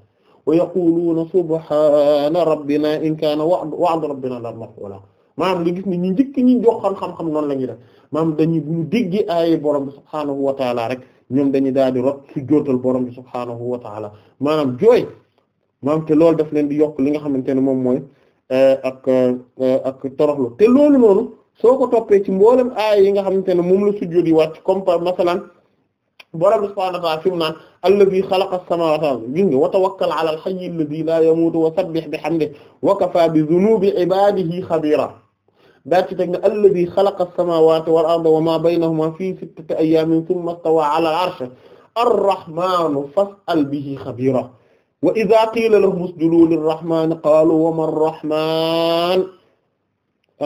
wa yaquluna subhana rabbina in kana wa'du rabbina la maf'ula maanaam li gis ni ñu njëkk ñi jox xam-xam noonu la ñuy def maanaam dañuy bu ñu déggee ay borom bi subhaanahu wa taala rek ñoom dañuy daal di rot su jootal borom bi subhaanahu wa taala maanaam jooy maanaam te loolu daf leen di yokk li nga xamante ne moom mooy euh, ak euh, ak toroxlu te loolu noonu soo ko toppee ci mboolem aay yi nga xamante ne moom la sujjóot yi wàcc comme par masalan borom subhaanahu wa ta'aala fi mu naan allazii xalaqa as-samaawaati gis nga wa tawakkal ala al-hayyi allazii laa yamuutu wa sabbih bihamdihi wa kafaa bi zunuubi ibaadihi xabiira daa ci teg ne allazii xalaqa as-samaawaati wal arda wa maa baynahumaa fii sittati ayyaamin summa stawaa ala al-arshi ar-rahmaanu fas'al bihi xabiira wa izaa qiila lahumu usjuduu lir-rahmaani qaaluu wa mar-rahmaan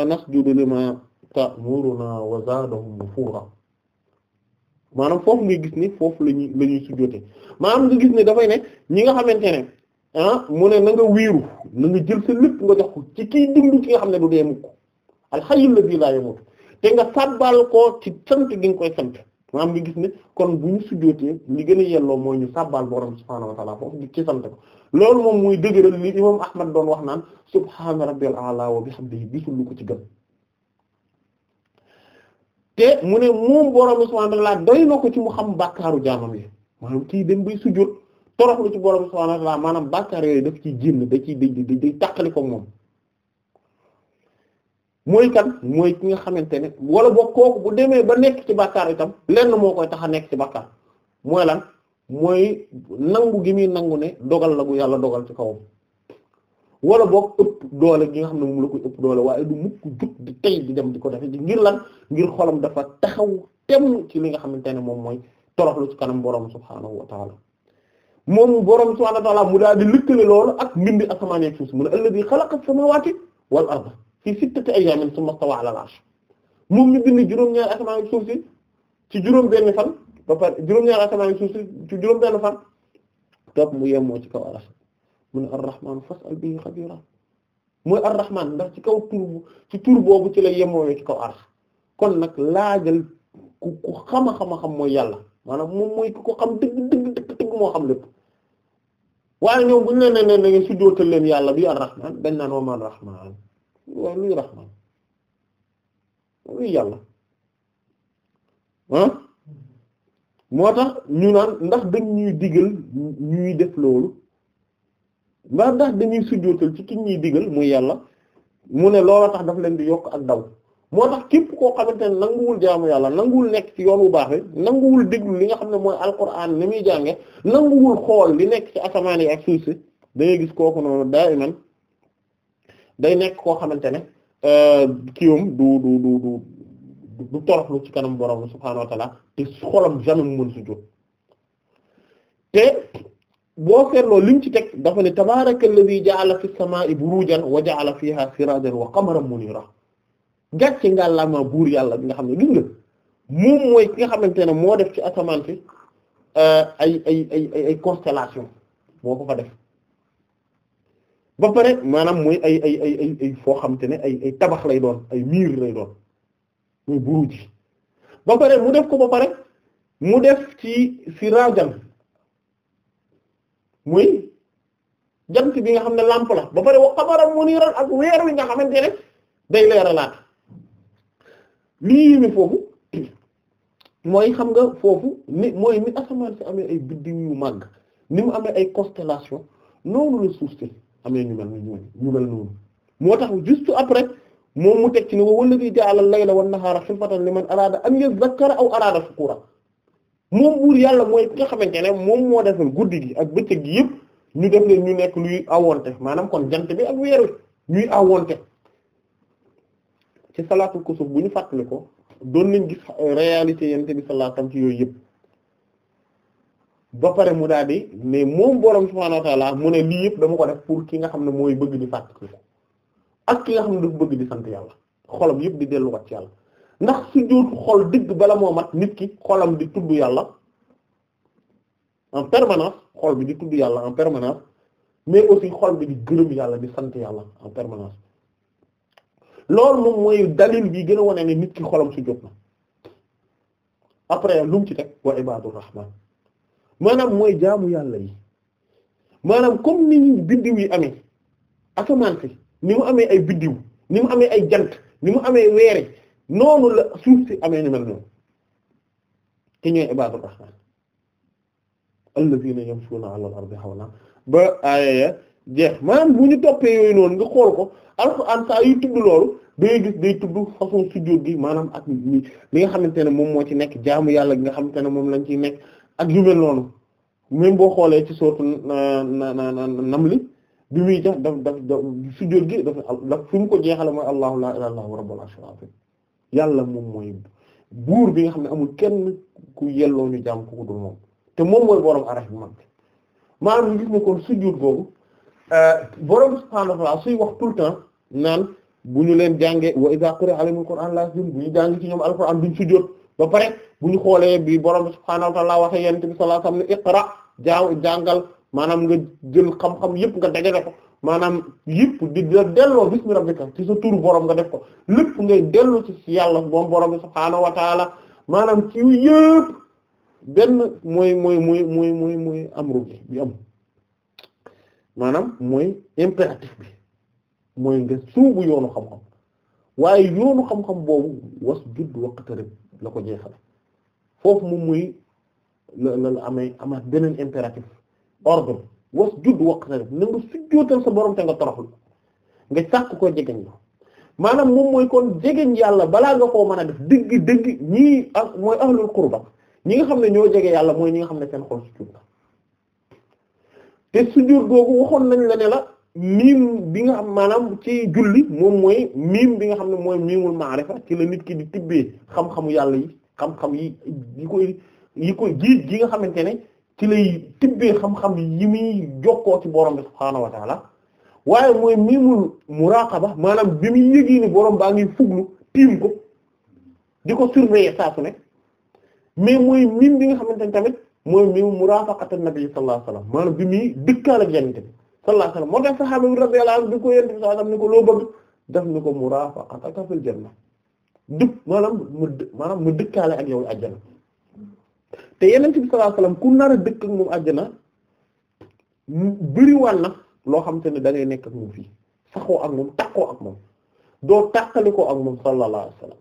nasjudu lima ta'muruna wa zaadahum nufuura maanaam foofu nga gis ni foofu la ñuy la ñuy sujjóote maanaam nga gis ne dafay ne ñi nga xamante ne ah mu ne na nga wiiru na nga jël sa lépp nga jox ko ci kii dund ki nga xam ne du dee mukk al hayyul ladhi la te nga sabbal ko ci sant gi koy sant. maanaam nga gis ne kon bu ñu sujjootee li gën a yelloo mooy ñu sàbbal borom subhaanahu wa ta'aala foofu di ci sant ko moom muy doon wax naan subhaana rabbiyal a'la wa bihamdihi gisul lu ko ci gën te mu ne moom borom subhaanahu wa ta'aala doy na ko ci mu xam bàkkaaru jaamam yi maanaam kii dem bay sujjoot toroxlu ci borom subhaanahu wa ta'aala maanaam bàkkaar yooyu daf ciy génn da ciy day day tàqali ko moom. mooy kan mooy ki nga xamante ne wala boo kooku bu demee ba nekk ci bàkkaar itam lenn moo koy tax a nekk ci bàkkaar mooy lan mooy nangu gi muy nangu ne dogal la gu yàlla dogal ci kawam wala boog ëpp doole gi nga xam ne moom la koy ëpp doole waaye du mukk jug di tey di dem di ko defe ngir lan ngir xolam dafa taxaw temm ci li nga xamante ne moom mooy toroxlu ci kanam borom subhaanahu wa taala moom borom subhaanahu wa taala mu daal di lëkkale loolu ak mbindi asamaan ak suuf mu ne alladi xalaqa samaawaati wal arda fii sittati ayyaamin summa stawaa alal arsh moom mi bind juróom-ñaari asamaan suuf si ci juróom-benn fan ba pare juróom-ñaari asamaan ak suuf si ci juróom-benn fan topp mu yemmoo ci kaw arsh mu ne ar-rahmaan fas'al bihi xabiira mooy ar-rahmaan ndax ci kaw tur ci tur boobu ci lay yemmoo ci kaw arsh kon nag laajal ku ku xama xama xam mooy yàlla maanaam moom mooy ku ko xam dëgg dëgg dëgg moo xam lépp waaye ñoom bu ñu leen nee nee nañu sujjóotal leen yàlla bi ar-rahmaan dañ naan waaw luy raxmaan luy yàlla ah moo tax ñu naan ndax dañ ñuy digal ñuy def loolu ndax ndax dañuy sujjóotal ci ki ñuy digal muy yàlla mu ne loola tax daf leen di yokk ak daw moo tax képp koo xamante ne nanguwul jaamu yàlla nanguwul nekk ci yoon bu baax wi nanguwul déglu li nga xam ne mooy alquran ni muy jànge nanguwul xool li nekk ci asamaan yi ak suuf si da gis kooku noonu daa iman day nekk koo xamante ne euh, kiiwam du du du du du toroxlu ci kanam borom subhaanahu wa ta'ala te xolam jamais mu mën sujjóot te boo seetloo lim ci teg dafa ne tabaarakallazii ja'ala fis samaa'i burujan wa ja'ala fiihaa siraajan wa qamaran muniira gàcce ngàllaamaa buur yàlla bi nga xam ne gis nga moom ki nga xamante ne moo def ci asamaan fi euh, ay ay ay ay constellation moo ko fa def. ba pare maanaam mooy ay ay ay foo xam ne ay ay tabax lay doon ay miir lay doon muy buruj ji ba pare mu def ko ba pare mu def ci si rajan muy jant bi nga xam ne lampe la ba pare wa qamaran muniran ak weer wi nga xamante ne day leeralaat lii mi foofu [CLEARS THROAT] mooy xam nga foofu ni mooy ni asamaan si amee ay biddiw yu màgg ni mu amee ay constellation noonu la suuf si amee ñu mel ñu mel noonu moo tax juste après moom mu teg ci ne wa walladhi ja'ala al-layla wan-nahara xilfatan man araada an yadhakkara aw araada shukura moom buur yàlla mooy ka xamante ne moom moo defal guddi gi ak bëccëg gi yëpp ñu def leen ñu nekk luy awonte maanaam kon jant bi ak weer ñuy awonte ci salaatul kusuf bu ñu fàttali ko doon nañ gis réalité yente bi salaatam ci yooyu yëpp ba pare mu daal di mais moom borom subhaanahu wa ta'ala mu ne lii yëpp dama ko def pour ki nga xam ne mooy bëgg di fàttali ko ak ki nga xam ne dafa bëgg di sant yàlla xolam yëpp di delluwaat ci yàlla ndax su jootu xol dëgg bala moo mat nit ki xolam di tudd yàlla en permanence xol bi di tudd yàlla en permanence mais aussi xol bi di gërëm yàlla di sant yàlla en permanence loolu moom mooy dalil bi gën a wane ne nit ki xolam su jot na après lu ci teg wa ibadur rahman maanaam mooy jaamu yàlla yi maanaam comme ni biddiw yi amee asamaan si ni mu amee ay biddiw ni mu amee ay jant ni mu amee weere noonu la suuf si amee ñu mel noonu te ñooy ibaadu rahmaan allazina yamshuna ala al-ardi ba aaya jeex maanaam bu ñu toppee yooyu noonu nga xool ko alxuraan saa yu tudd loolu day gis day tudd façon sujjóot gi maanaam ak li nga xamante ne moom moo ci nekk jaamu yàlla gi nga xamante ne moom lañ ci nekk ak yu mel noonu même boo xoolee ci sourate Naml bi muy def daf daf sujjóot gi dafa daf fi mu ko jeexale mooy allahu la ilaha illallah rabbul arshil azim yàlla moom mooy buur bi nga xam ne amul kenn ku yelloo ñu jàmm ku ko dul moom te moom mooy borom arsh bi mag maanaam ñu gis ne kon sujjóot boobu euh, borom subhaanahu wa ta'ala suy wax tout le temps naan bu ñu leen jàngee wa iza quri'a alayhimul qur'an la bu ñu jàng ci ñoom alquran duñ sujjóot ba pare bu ñu xoolee bi borom subhaanahu wa ta'aala waxee yonent bi sallallahu alayhi wa sallam iqra jàngal maanaam nga jël xam-xam yëpp nga dajale ko maanaam yëpp di la delloo bismi rabbika ci sa tuur borom nga def ko lépp ngay delloo ci yàlla moom borom subhaanahu wa ta'aala maanaam ci yëpp benn mooy mooy mooy mooy mooy mooy amru bi am maanaam mooy impératif bi mooy nga suubu yoonu xam-xam waaye yoonu xam-xam boobu wasjud waqtarib la ko jeexal foofu moom muy la la amee amaat beneen impératif ordre wasjud wax na nga sujjóotal sa borom te nga toroxlu nga sàkk ko jegeñ la maanaam moom mooy kon jegeñ yàlla balaa nga koo mën a def dëgg dëgg ñii ak mooy ahlul qurba ñi nga xam ne ñoo jege yàlla mooy ñi nga xam ne seen xol sujjóot la te sujjóot googu waxoon nañ la ne la miim bi nga xam maanaam ci julli moom mooy miim bi nga xam ne mooy miimul maarifa ci la nit ki di tibbee xam-xamu yàlla yi xam-xam yi yi koy yi koy jiit ji nga xamante ne ci lay tibbee xam-xam yi muy jokkoo ci borom bi subhaanahu wa taala waaye mooy miimul muraqaba maanaam bi muy yëgee borom baa ngi fuglu tiim ko di ko surveiller saa su ne mais mooy miim bi nga xamante ne tamit mooy miim murafaqatan nabi sallallahu alayhi wasallam maanaam bi muy dëkkaal ak bi sallallahu alayhi moo tax saxaaba bi radiyallahu anhu bi ko yéen sallallahu alayhi wasallam ni ko loo bëgg def ni ko murafaqataka fil janna dëkk maanaam mu maanaam mu dëkkaale ak yow àjjana te yeneen bi sallallahu alayhi ku nar dëkk ak moom àjjana bëriwaan na loo xam te ne da ngay nekk ak moom fii saxoo ak moom takkoo ak moom doo takkali ko ak moom sallallahu alayhi wasallam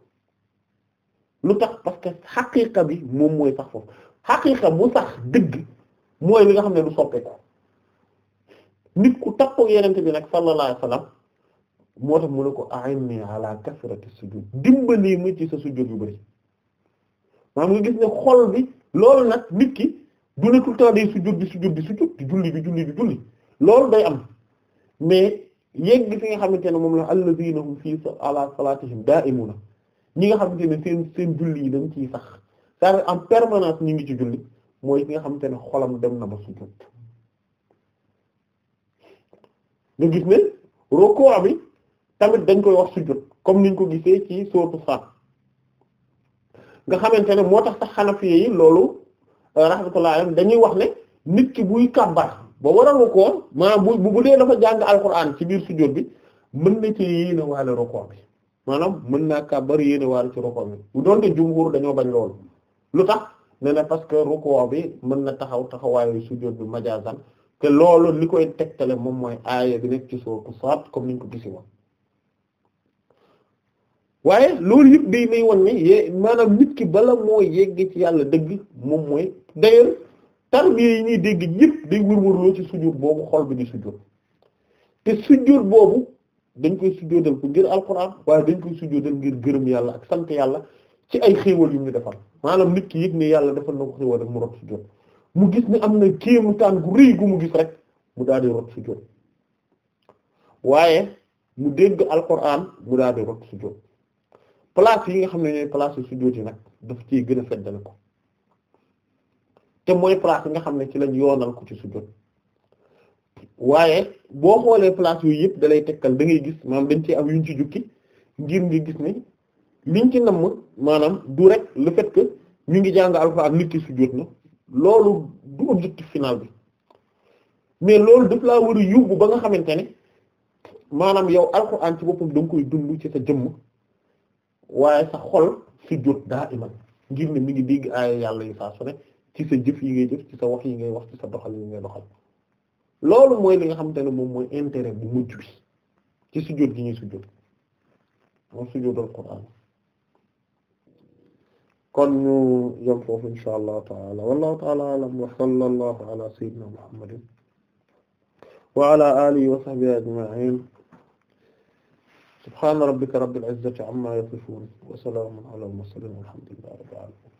lu tax parce xaqiiqa bi moom mooy sax foofu xaqiiqa bu sax dëgg mooy li nga xam ne du soppeeku. nit ku takkook yenente bi nag sallallahu moo tax mu ko a'inni ala kasrati sujud dimbali ma ci sa sujud yu bari maam nga gis ne xol bi loolu nag nit ki du ne tout le temps day sujud di sujud di sujud di julli di julli loolu day am mais yegg fi nga xam ne moom la alladhina hum fii ala salatihim da'imuna ñi ne seen seen yi dañ ciy sax c'est en permanence ñu ngi ci julli mooy ki nga xamante ne xolam dem na ba sujud nga gis ne rukuu bi tamit dañ koy wax sujjóot comme niñ ko gisee ci sóotu Saad nga xamante ne moo tax sax Hanafi yi loolu euh, rahmatullahi alayhim dañuy wax ne nit ki buy kàbbar ba war a rukuu maanaam bu bu dee dafa jàng alquran ci biir sujjóot bi mën na ci yéene waale rukuu bi maanaam mën naa kàbbar yéene waale ci rukuu bi bu doon te jumhur dañoo bañ loolu lu tax ne na parce que rukuu bi mën na taxaw taxawaayu sujjóot bi majaazan te loolu li koy tegtale moom mooy aaya bi nekk ci sourate Saad comme ni ñu ko gisi woon waaye loolu yëpp day nay won ne yee maanaam nit ki bala moo yegg ci yàlla dëgg moom mooy d'ailleurs tarbiya yi ñuy dégg yëpp day wër-wërloo ci sujjóot boobu xool bi di sujjóot te sujjóot boobu dañ koy sujjóotal ko ngir alxuraan waaye dañ koy dem ngir gërëm yàlla ak sant yàlla ci ay xéewal yu ñu defal maanaam nit ki yëg ne yàlla defal na ko xéewal rek mu rot sujjóot mu gis ni am na kéemtaan gu rëy gu mu gis rek mu daal di rot sujjóot waaye mu dégg alquran mu daal di rot sujjóot place yi nga xam ne ñooy place yu sujjóot yi nag daf ciy gën a dale ko te mooy place yi nga xam ne ci lañ yoonal ko ci sujjóot waaye boo xoolee place yooyu yëpp dalay lay tekkal da ngay gis maanaam dañ ci am yuñ ci jukki ngir ngi gis ni liñ ci namm maanaam du rek le fait que ñu ngi jàng alquran nit ki sujjóot na loolu du objectif final bi mais loolu daf laa war a yóbbu ba nga xamante ne maanaam yow alxuraan ci boppam da koy dund ci sa jëmm waaye sa xol si jot daa iman ngir ne mi ngi dégg aaya yàlla yu saa su ne ci sa jëf yi ngay jëf ci sa wax yi ngay wax ci sa doxal yi ngay doxal loolu mooy li nga xamante ne moom mooy intérêt bu mujj bi ci sujjóot gi ñuy sujjóot moom sujjóotal Alxuraan kon ñu yem foofu insha allah taala wallahu taala alam wa sallallahu ala sayyidina muhammadin wa ala alihi wa sahbihi ajma'in subhana rabbika rabbil izzati amma yasifun wa salamun ala al mursalin walhamdulillahi rabbil alamin